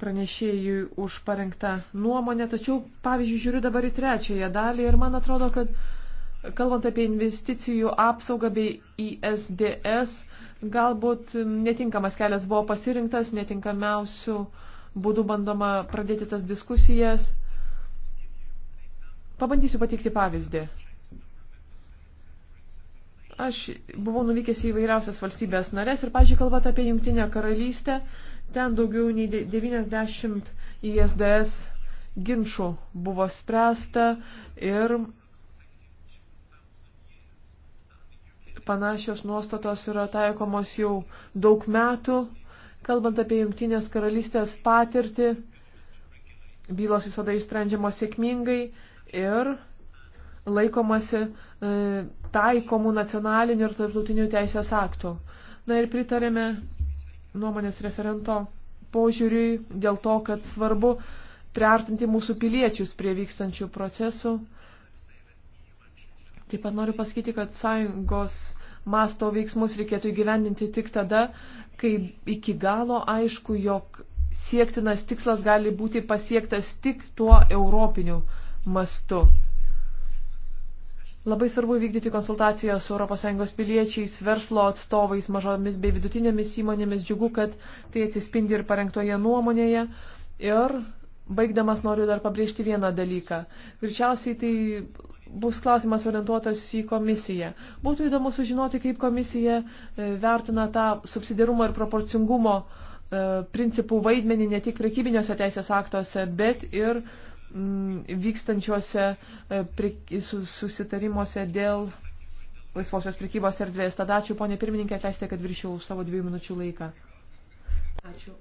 pranešėjui už parengtą nuomonę, tačiau, pavyzdžiui, žiūriu dabar į trečiąją dalį ir man atrodo, kad Kalbant apie investicijų apsaugą bei ISDS, galbūt netinkamas kelias buvo pasirinktas, netinkamiausių būdų bandoma pradėti tas diskusijas. Pabandysiu pateikti pavyzdį. Aš buvau nuvykęs į vairiausias valstybės narės ir, pažiūrėjau, kalbant apie Jungtinę karalystę, ten daugiau nei 90 ISDS ginčių buvo spręsta ir Panašios nuostatos yra taikomos jau daug metų. Kalbant apie Junktinės karalystės patirtį, bylos visada išsprendžiamos sėkmingai ir laikomasi e, taikomų nacionalinių ir tarptautinių teisės aktų. Na ir pritarėme nuomonės referento požiūriui dėl to, kad svarbu priartinti mūsų piliečius prie vykstančių procesų. Taip pat noriu pasakyti, kad sąjungos masto veiksmus reikėtų įgyvendinti tik tada, kai iki galo aišku, jog siektinas tikslas gali būti pasiektas tik tuo europiniu mastu. Labai svarbu vykdyti konsultaciją su ES piliečiais, verslo atstovais, mažomis bei vidutinėmis įmonėmis. Džiugu, kad tai atsispindi ir parengtoje nuomonėje. Ir baigdamas noriu dar pabrėžti vieną dalyką. Virčiausiai tai bus klausimas orientuotas į komisiją. Būtų įdomu sužinoti, kaip komisija e, vertina tą subsidiarumo ir proporcingumo e, principų vaidmenį ne tik prekybiniuose teisės aktuose, bet ir mm, vykstančiuose e, susitarimuose dėl laisvosios prekybos erdvės. Tada ačiū, ponė pirmininkė, atleistė, kad viršiau savo dviejų minučių laiką. Ačiū.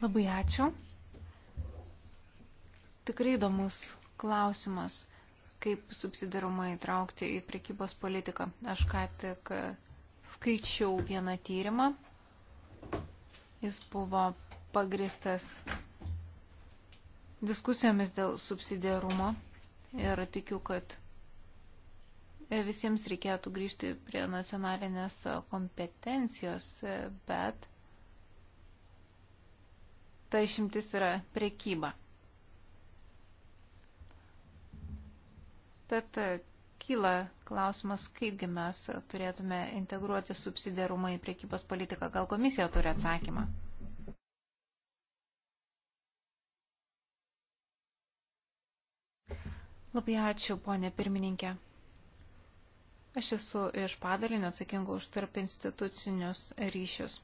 Labai ačiū. Tikrai įdomus klausimas kaip subsidarumą įtraukti į prekybos politiką. Aš ką tik skaičiau vieną tyrimą. Jis buvo pagristas diskusijomis dėl subsidiarumo ir tikiu, kad visiems reikėtų grįžti prie nacionalinės kompetencijos, bet ta išimtis yra prekyba. Tad e, kyla klausimas, kaipgi mes turėtume integruoti subsidiarumą į priekybos politiką. Gal komisija turi atsakymą? Labai ačiū, ponė pirmininkė. Aš esu iš padalinio atsakingo už tarp institucinius ryšius.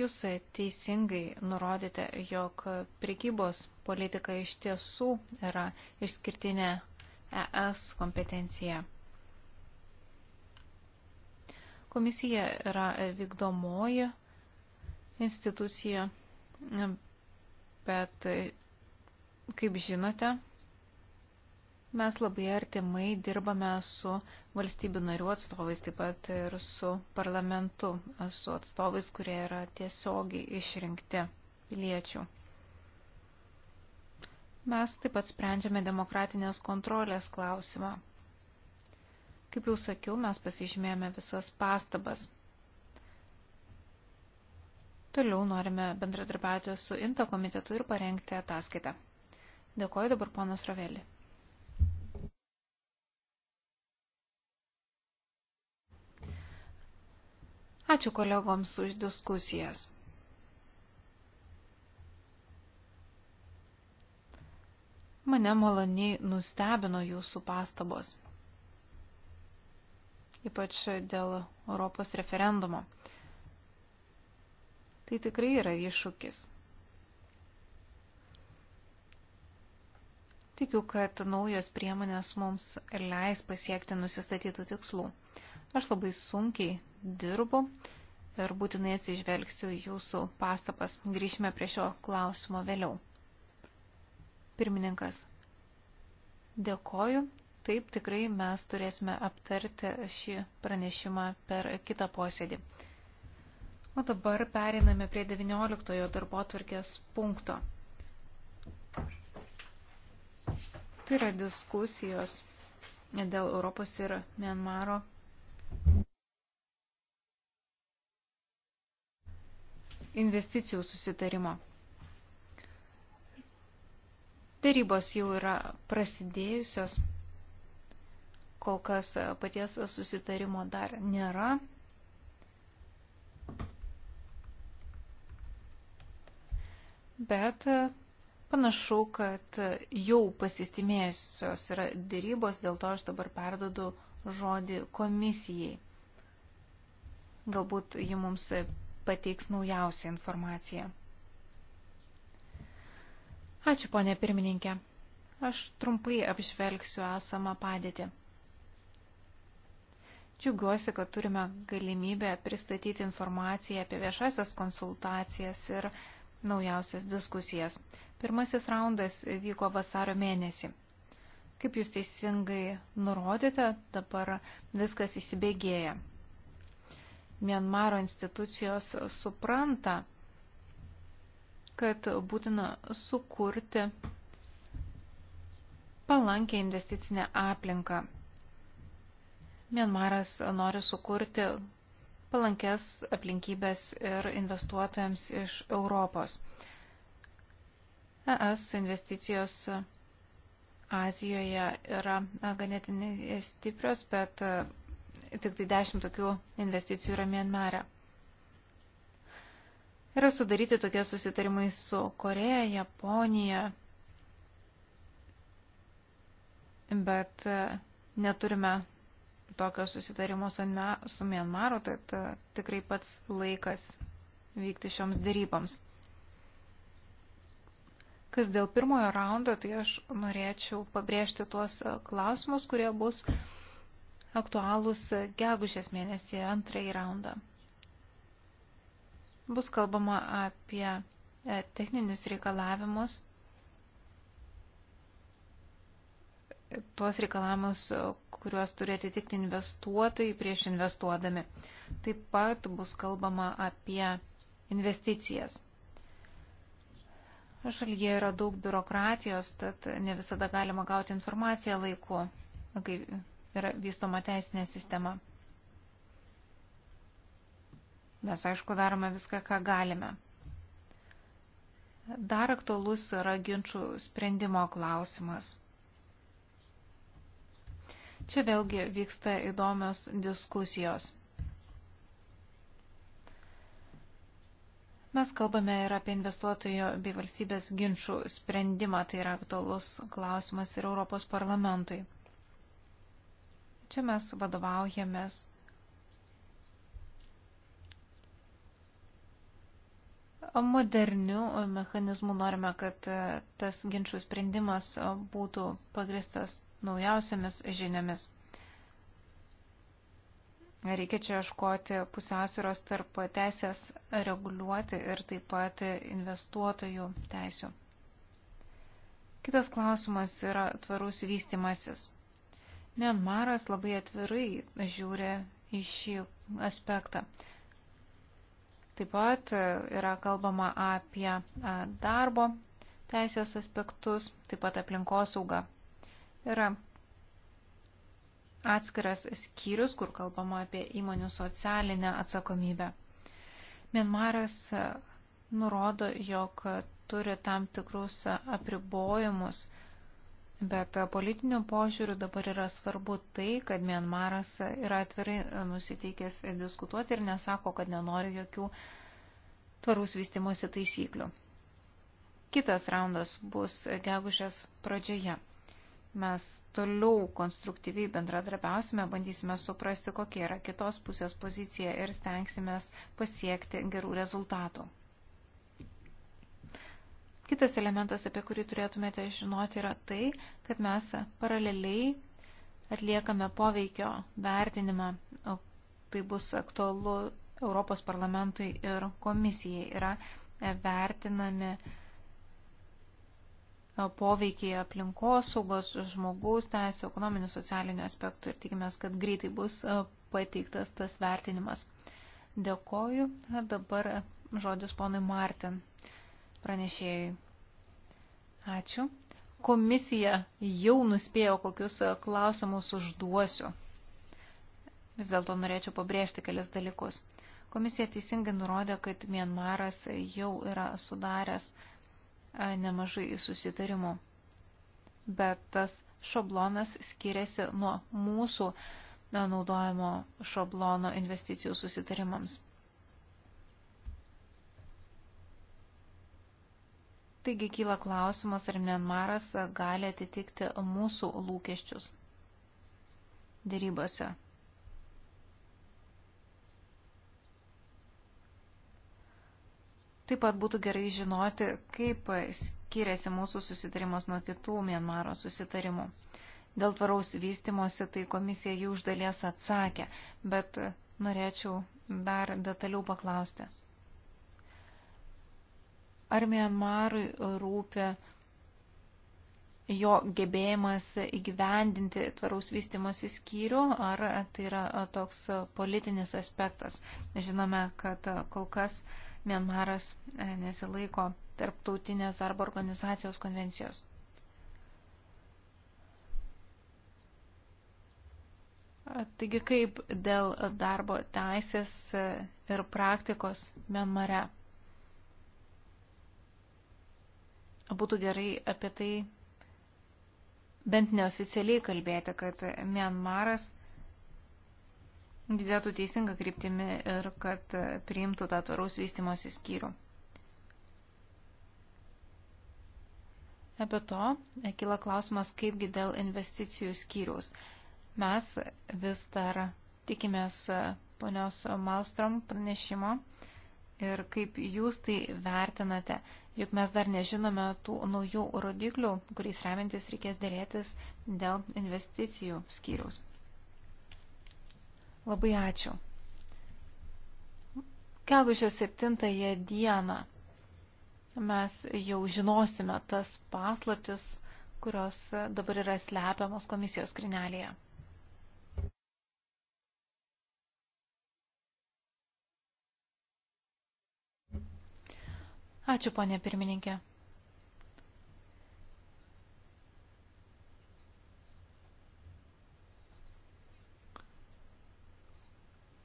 Jūs teisingai nurodėte, jog prekybos politika iš tiesų yra išskirtinė ES kompetencija. Komisija yra vykdomoji institucija, bet, kaip žinote, mes labai artimai dirbame su valstybių narių atstovais, taip pat ir su parlamentu, su atstovais, kurie yra tiesiogiai išrinkti piliečių. Mes taip pat sprendžiame demokratinės kontrolės klausimą. Kaip jau sakiau, mes pasižymėjome visas pastabas. Toliau norime bendradarbiauti su INTO komitetu ir parengti ataskaitą. Dėkoju dabar ponas Rovelį. Ačiū kolegoms už diskusijas. Mane maloniai nustebino jūsų pastabos, ypač dėl Europos referendumo. Tai tikrai yra iššūkis. Tikiu, kad naujos priemonės mums leis pasiekti nusistatytų tikslų. Aš labai sunkiai dirbu ir būtinai atsižvelgsiu jūsų pastabas. Grįšime prie šio klausimo vėliau. Pirmininkas. Dėkoju. Taip, tikrai mes turėsime aptarti šį pranešimą per kitą posėdį. O dabar periname prie 19 darbo tvarkės punkto. Tai yra diskusijos dėl Europos ir Mianmaro. Investicijų susitarimo. Darybos jau yra prasidėjusios, kol kas e, paties susitarimo dar nėra. Bet e, panašu, kad jau pasistimėjusios yra dėrybos, dėl to aš dabar perdodu žodį komisijai. Galbūt ji mums pateiks naujausią informaciją. Ačiū, ponė pirmininkė. Aš trumpai apžvelgsiu esamą padėtį. Džiugiuosi, kad turime galimybę pristatyti informaciją apie viešasias konsultacijas ir naujausias diskusijas. Pirmasis raundas vyko vasario mėnesį. Kaip jūs teisingai nurodėte, dabar viskas įsibėgėja. Mianmaro institucijos supranta, kad būtina sukurti palankę investicinę aplinką. Mianmaras nori sukurti palankės aplinkybės ir investuotojams iš Europos. ES investicijos Azijoje yra ganėtinai stiprios, bet e, tik tai dešimt tokių investicijų yra Mianmare yra sudaryti tokie susitarimai su Koreja, Japonija, bet e, neturime tokio susitarimo su Mianmaru, tad tai tikrai pats laikas vykti šioms dėryboms. Kas dėl pirmojo raundo, tai aš norėčiau pabrėžti tuos e, klausimus, kurie bus aktualūs gegužės mėnesį antrąjį raundą. Bus kalbama apie e, techninius reikalavimus, tuos reikalavimus, kuriuos turi atitikti investuotojai prieš investuodami. Taip pat bus kalbama apie investicijas. Šalyje yra daug biurokratijos, tad ne visada galima gauti informaciją laiku, kai yra vystoma teisinė sistema. Mes, aišku, darome viską, ką galime. Dar aktualus yra ginčių sprendimo klausimas. Čia vėlgi vyksta įdomios diskusijos. Mes kalbame ir apie investuotojo bei valstybės ginčių sprendimą, tai yra aktualus klausimas ir Europos parlamentui. Čia mes vadovaujamės moderniu mechanizmu norime, kad e, tas ginčių sprendimas e, būtų pagristas naujausiamis žiniomis. Reikia čia iškoti pusiausvėros tarp teisės reguliuoti ir taip pat investuotojų teisių. Kitas klausimas yra tvarus vystimasis. Mianmaras labai atvirai žiūri į šį aspektą. Taip pat e, yra kalbama apie e, darbo teisės aspektus, taip pat aplinkosaugą. Yra atskiras skyrius, kur kalbama apie įmonių socialinę atsakomybę. Mienmaras e, nurodo, jog turi tam tikrus apribojimus Bet e, politiniu požiūriu dabar yra svarbu tai, kad Mianmaras yra atvirai e, nusiteikęs diskutuoti ir nesako, kad nenori jokių tvarus vystimosi taisyklių. Kitas raundas bus gegužės pradžioje. Mes toliau konstruktyviai bendradarbiausime, bandysime suprasti, kokia yra kitos pusės pozicija ir stengsimės pasiekti gerų rezultatų. Kitas elementas, apie kurį turėtumėte žinoti, yra tai, kad mes paraleliai atliekame poveikio vertinimą. Tai bus aktualu Europos parlamentui ir komisijai. Yra vertinami poveikiai aplinkosaugos, žmogaus teisų, ekonominių, socialinių aspektų ir tikimės, kad greitai bus pateiktas tas vertinimas. Dėkoju. Dabar žodis ponui Martin pranešėjui. Ačiū. Komisija jau nuspėjo, kokius e, klausimus užduosiu. Vis dėlto norėčiau pabrėžti kelias dalykus. Komisija teisingai nurodė, kad Mienmaras jau yra sudaręs e, nemažai susitarimų. Bet tas šablonas skiriasi nuo mūsų e, naudojimo šablono investicijų susitarimams. Taigi kyla klausimas, ar Mianmaras gali atitikti mūsų lūkesčius dėrybose. Taip pat būtų gerai žinoti, kaip skiriasi mūsų susitarimas nuo kitų Mienmaro susitarimų. Dėl tvaraus vystimosi tai komisija jų uždalies atsakė, bet norėčiau dar detaliau paklausti. Ar Mianmarui rūpi jo gebėjimas įgyvendinti tvaraus vystimosi skyrių, ar tai yra toks politinis aspektas. Žinome, kad kol kas Mianmaras e, nesilaiko tarptautinės darbo organizacijos konvencijos. Taigi kaip dėl darbo teisės ir praktikos Mianmare? būtų gerai apie tai bent neoficialiai kalbėti, kad Mianmaras didėtų teisinga kryptimi ir kad priimtų tą tvaraus vystimosi skyrių. Apie to kila klausimas, kaipgi dėl investicijų skyriaus. Mes vis dar tikimės ponios Malstrom pranešimo ir kaip jūs tai vertinate, juk mes dar nežinome tų naujų rodiklių, kuriais remiantis reikės dėrėtis dėl investicijų skyriaus. Labai ačiū. Gegužės 7 dieną mes jau žinosime tas paslaptis, kurios dabar yra slepiamos komisijos krinelėje. Ačiū, ponė pirmininkė.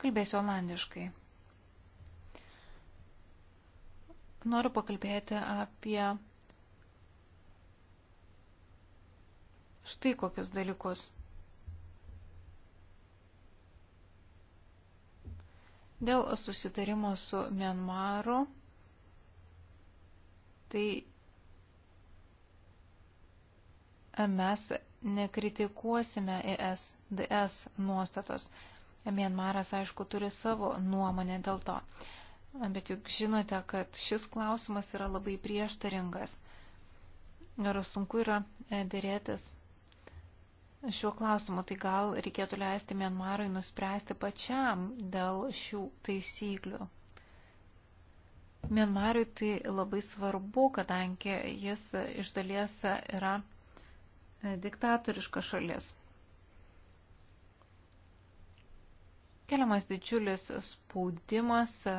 Kalbėsiu olandiškai. Noriu pakalbėti apie štai kokius dalykus. Dėl susitarimo su Mianmaru tai e, mes nekritikuosime ESDS nuostatos. Mienmaras, aišku, turi savo nuomonę dėl to. Bet juk žinote, kad šis klausimas yra labai prieštaringas. Ir sunku yra e, dėrėtis šiuo klausimu. Tai gal reikėtų leisti Mienmarui nuspręsti pačiam dėl šių taisyklių. Mienmariui tai labai svarbu, kadangi jis iš dalies yra e, diktatoriška šalis. Keliamas didžiulis spaudimas, e,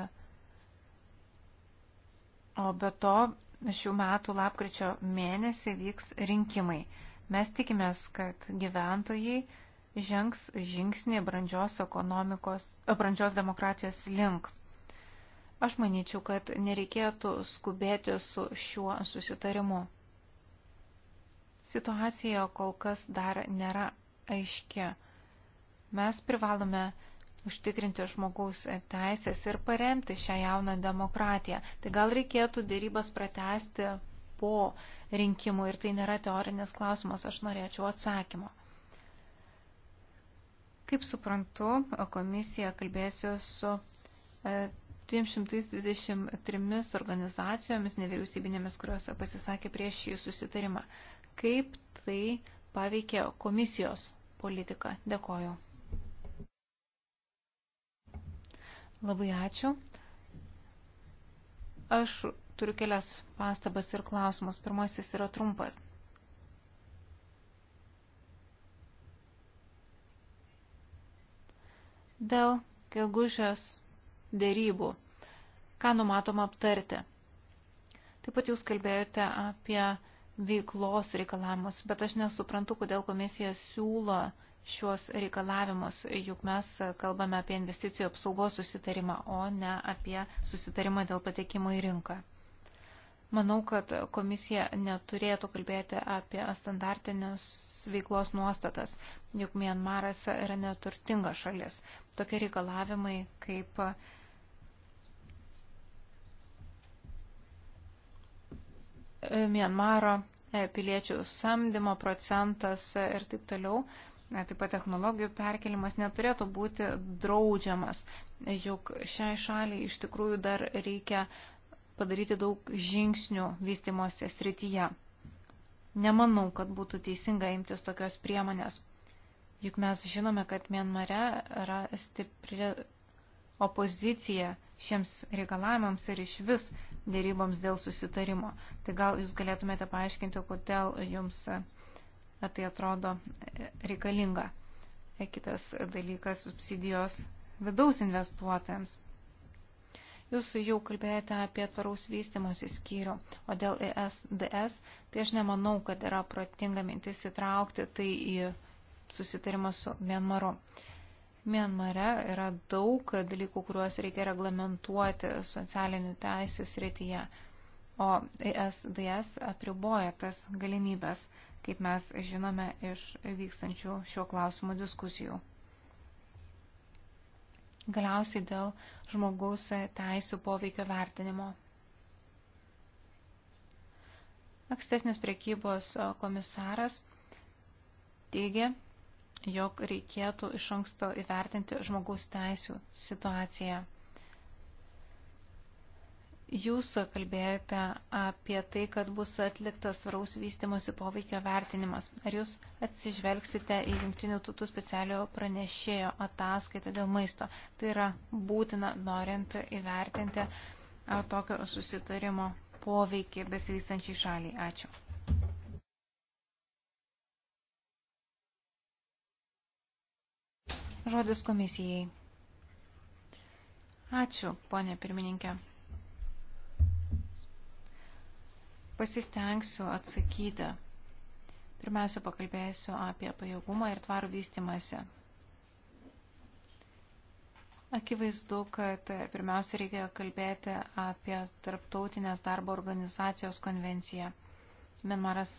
o be to šių metų lapkričio mėnesį vyks rinkimai. Mes tikimės, kad gyventojai žengs žingsnį brandžios, brandžios demokratijos link. Aš manyčiau, kad nereikėtų skubėti su šiuo susitarimu. Situacija kol kas dar nėra aiški. Mes privalome užtikrinti žmogaus teisės ir paremti šią jauną demokratiją. Tai gal reikėtų dėrybas pratesti po rinkimų ir tai nėra teorinis klausimas, aš norėčiau atsakymo. Kaip suprantu, komisija kalbėsiu su e, 223 organizacijomis nevyriausybinėmis, kurios pasisakė prieš šį susitarimą. Kaip tai paveikė komisijos politiką? Dėkoju. Labai ačiū. Aš turiu kelias pastabas ir klausimus. Pirmasis yra trumpas. Dėl gegužės dėrybų. Ką numatoma aptarti? Taip pat jūs kalbėjote apie veiklos reikalavimus, bet aš nesuprantu, kodėl komisija siūlo šiuos reikalavimus, juk mes kalbame apie investicijų apsaugos susitarimą, o ne apie susitarimą dėl patekimo į rinką. Manau, kad komisija neturėtų kalbėti apie standartinius veiklos nuostatas, juk Mianmaras yra neturtinga šalis. Tokie reikalavimai kaip Mienmaro e, piliečių samdymo procentas ir taip toliau, e, taip pat technologijų perkelimas neturėtų būti draudžiamas, juk šiai šaliai iš tikrųjų dar reikia padaryti daug žingsnių vystimosi srityje. Nemanau, kad būtų teisinga imtis tokios priemonės. Juk mes žinome, kad Mienmare yra stipri opozicija šiems reikalavimams ir iš vis dėryboms dėl susitarimo. Tai gal jūs galėtumėte paaiškinti, kodėl jums e, tai atrodo e, reikalinga. E, kitas dalykas - subsidijos vidaus investuotojams. Jūs jau kalbėjote apie tvaraus vystimosi skyrių, o dėl ESDS, tai aš nemanau, kad yra protinga mintis įtraukti tai į susitarimą su Mienmaru. Uh, Mienmare yra daug dalykų, kuriuos reikia reglamentuoti socialinių teisų srityje, o ESDS apriboja tas galimybės, kaip mes žinome iš vykstančių šiuo klausimu diskusijų. Galiausiai dėl žmogaus teisų poveikio vertinimo. Ankstesnis prekybos komisaras teigia, jog reikėtų iš anksto įvertinti žmogaus teisų situaciją. Jūs kalbėjote apie tai, kad bus atliktas svaraus vystimosi poveikio vertinimas. Ar jūs atsižvelgsite į jungtinių tautų specialiojo pranešėjo ataskaitą dėl maisto? Tai yra būtina norint įvertinti tokio susitarimo poveikį besivystančiai šaliai. Ačiū. Žodis komisijai. Ačiū, ponė pirmininkė. Pasistengsiu atsakyti. Pirmiausia, pakalbėsiu apie pajėgumą ir tvarų vystimąsi. Akivaizdu, kad pirmiausia reikia kalbėti apie Tarptautinės darbo organizacijos konvenciją. Mienmaras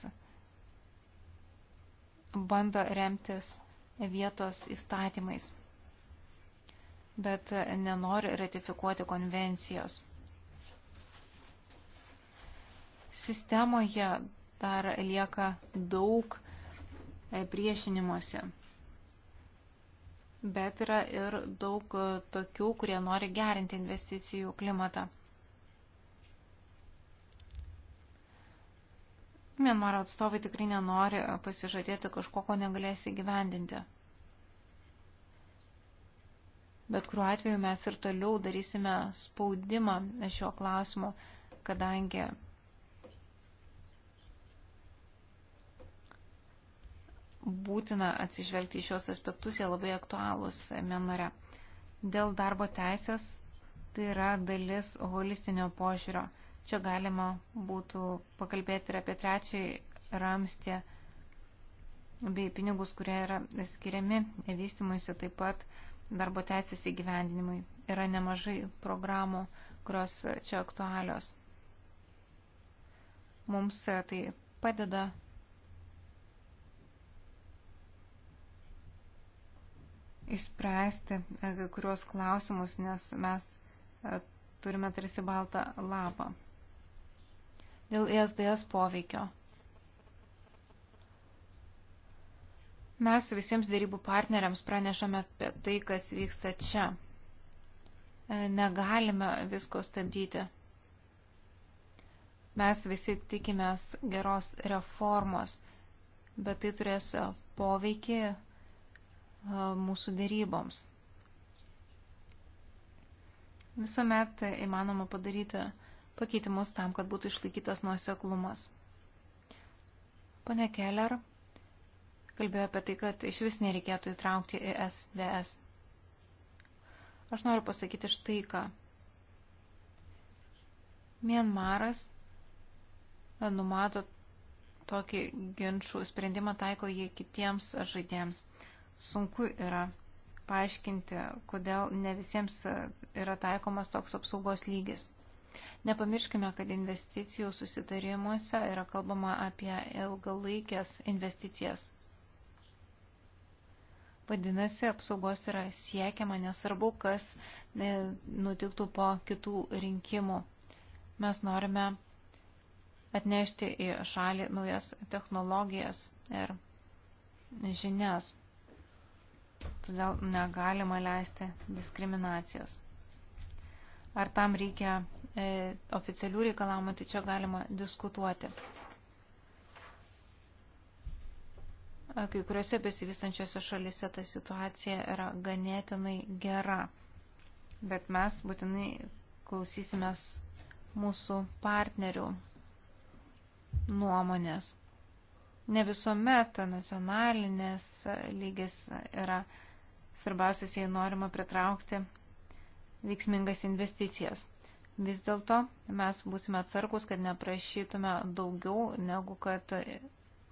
bando remtis vietos įstatymais, bet nenori ratifikuoti konvencijos. Sistemoje dar lieka daug e, priešinimuose, bet yra ir daug e, tokių, kurie nori gerinti investicijų klimatą. Mienmaro atstovai tikrai nenori e, pasižadėti kažko, ko negalės įgyvendinti. Bet kuriuo atveju mes ir toliau darysime spaudimą šio klausimo, kadangi būtina atsižvelgti į šios aspektus, jie labai aktualūs Mienmare. Dėl darbo teisės tai yra dalis holistinio požiūrio Čia galima būtų pakalbėti ir apie trečiąjį ramstį bei pinigus, kurie yra skiriami vystimuisi taip pat darbo teisės įgyvendinimui. Yra nemažai programų, kurios čia aktualios. Mums tai padeda išspręsti e, kai kuriuos klausimus, nes mes e, turime tarsi baltą lapą dėl ESDS poveikio. Mes visiems dėrybų partneriams pranešame apie tai, kas vyksta čia. E, negalime visko stabdyti. Mes visi tikimės geros reformos, bet tai turės poveikį e, mūsų dėryboms. Visuomet įmanoma padaryti pakeitimus tam, kad būtų išlaikytas nuoseklumas. Pone Keller kalbėjo apie tai, kad iš vis nereikėtų įtraukti į SDS. Aš noriu pasakyti štai ką. Mienmaras e, numato tokį ginčių sprendimą taiko jie kitiems žaidėjams. Sunku yra paaiškinti, kodėl ne visiems e, yra taikomas toks apsaugos lygis. Nepamirškime, kad investicijų susitarimuose yra kalbama apie ilgalaikės investicijas. Vadinasi, apsaugos yra siekiama, nesvarbu, kas e, nutiktų po kitų rinkimų. Mes norime atnešti į šalį naujas technologijas ir žinias. Todėl negalima leisti diskriminacijos. Ar tam reikia E, oficialių reikalavimų, tai čia galima diskutuoti. E, kai kuriuose besivystančiose šalise ta situacija yra ganėtinai gera, bet mes būtinai klausysimės mūsų partnerių nuomonės. Ne visuomet nacionalinės lygis yra svarbiausias, jei norima pritraukti veiksmingas investicijas. Vis dėlto mes būsime atsargus, kad neprašytume daugiau, negu kad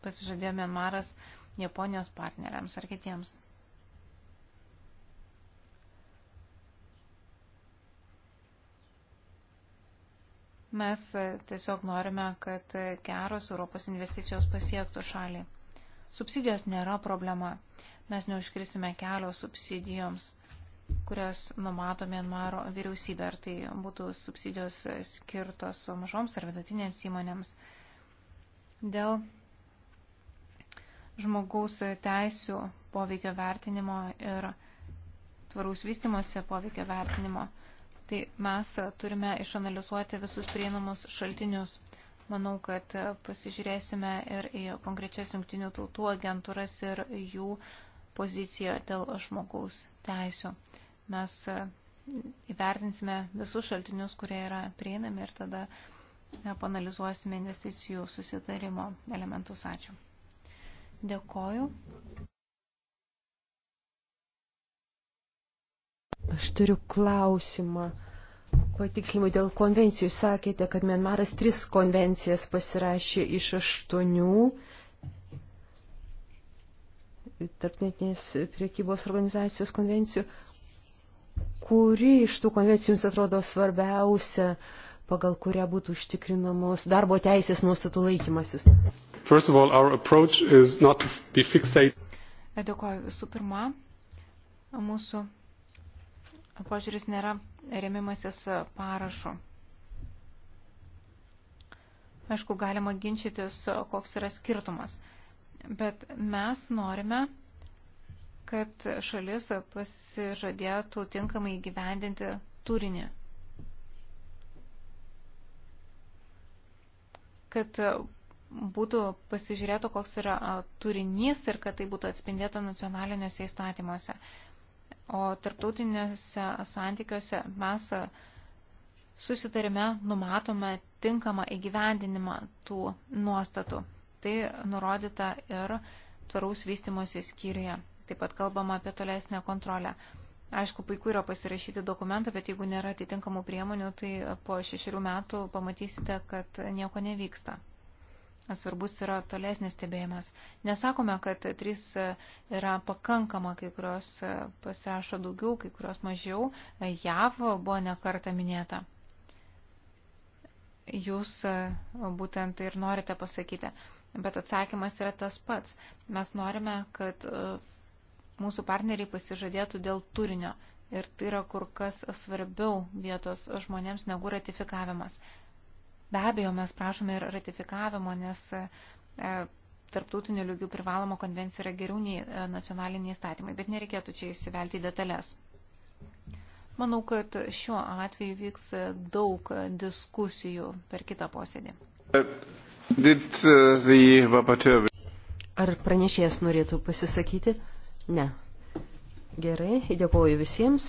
pasižadėjo Mianmaras Japonijos partneriams ar kitiems. Mes tiesiog norime, kad geros Europos investicijos pasiektų šalį. Subsidijos nėra problema. Mes neužkrisime kelio subsidijoms kurias numato Mienmaro vyriausybė, ar tai būtų subsidijos skirtos mažoms ar vidutinėms įmonėms. Dėl žmogaus teisų poveikio vertinimo ir tvaraus vystimosi poveikio vertinimo, tai mes turime išanalizuoti visus prieinamus šaltinius. Manau, kad pasižiūrėsime ir į konkrečias jungtinių tautų agentūras ir jų uh, poziciją dėl žmogaus teisų. Mes e, įvertinsime visus šaltinius, kurie yra prieinami ir tada e, panalizuosime investicijų susitarimo elementus. Ačiū. Dėkoju. Aš turiu klausimą. Patikslimui dėl konvencijų sakėte, kad Mianmaras tris konvencijas pasirašė iš aštuonių tarptautinės priekybos organizacijos konvencijų. Kuri iš tų konvencijų jums atrodo svarbiausia, pagal kurią būtų užtikrinamos darbo teisės nuostatų laikymasis? E, Dėkuoju. Visų pirma, mūsų požiūris nėra remimasis parašu. Aišku, galima ginčytis, koks yra skirtumas. Bet mes norime, kad šalis pasižadėtų tinkamai gyvendinti turinį. Kad būtų pasižiūrėta, koks yra turinys ir kad tai būtų atspindėta nacionaliniuose įstatymuose. O tarptautiniuose santykiuose mes susitarime numatome tinkamą įgyvendinimą tų nuostatų. Tai nurodyta ir tvaraus vystimosi skyriuje. Taip pat kalbama apie tolesnę kontrolę. Aišku, puiku yra pasirašyti dokumentą, bet jeigu nėra atitinkamų priemonių, tai po šešerių metų pamatysite, kad nieko nevyksta. Svarbus yra tolesnis stebėjimas. Nesakome, kad trys yra pakankama, kai kurios pasirašo daugiau, kai kurios mažiau. JAV buvo nekarta minėta. Jūs būtent ir norite pasakyti bet atsakymas yra tas pats. Mes norime, kad e, mūsų partneriai pasižadėtų dėl turinio ir tai yra kur kas svarbiau vietos žmonėms negu ratifikavimas. Be abejo, mes prašome ir ratifikavimo, nes e, tarptautinių lygių privaloma konvencija yra geriau nei e, nacionaliniai įstatymai, bet nereikėtų čia įsivelti į detalės. Manau, kad šiuo atveju vyks daug diskusijų per kitą posėdį. Did, uh, Ar pranešėjas norėtų pasisakyti? Ne. Gerai, dėkuoju visiems.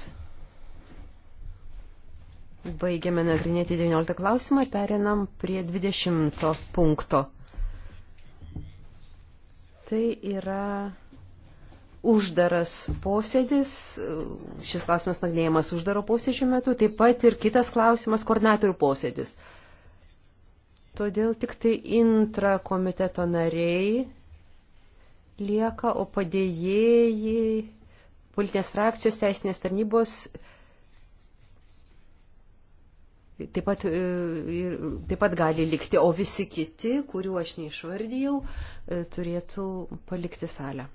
Baigiame nagrinėti 19 klausimą, perinam prie 20 punkto. Tai yra uždaras posėdis, šis klausimas nagrinėjamas uždaro posėdžių metu, taip pat ir kitas klausimas koordinatorių posėdis. Todėl tik tai intra komiteto nariai lieka, o padėjėjai politinės frakcijos, teisinės tarnybos, taip pat, e, taip pat gali likti, o visi kiti, kuriuo aš neišvardijau, e, turėtų palikti salę.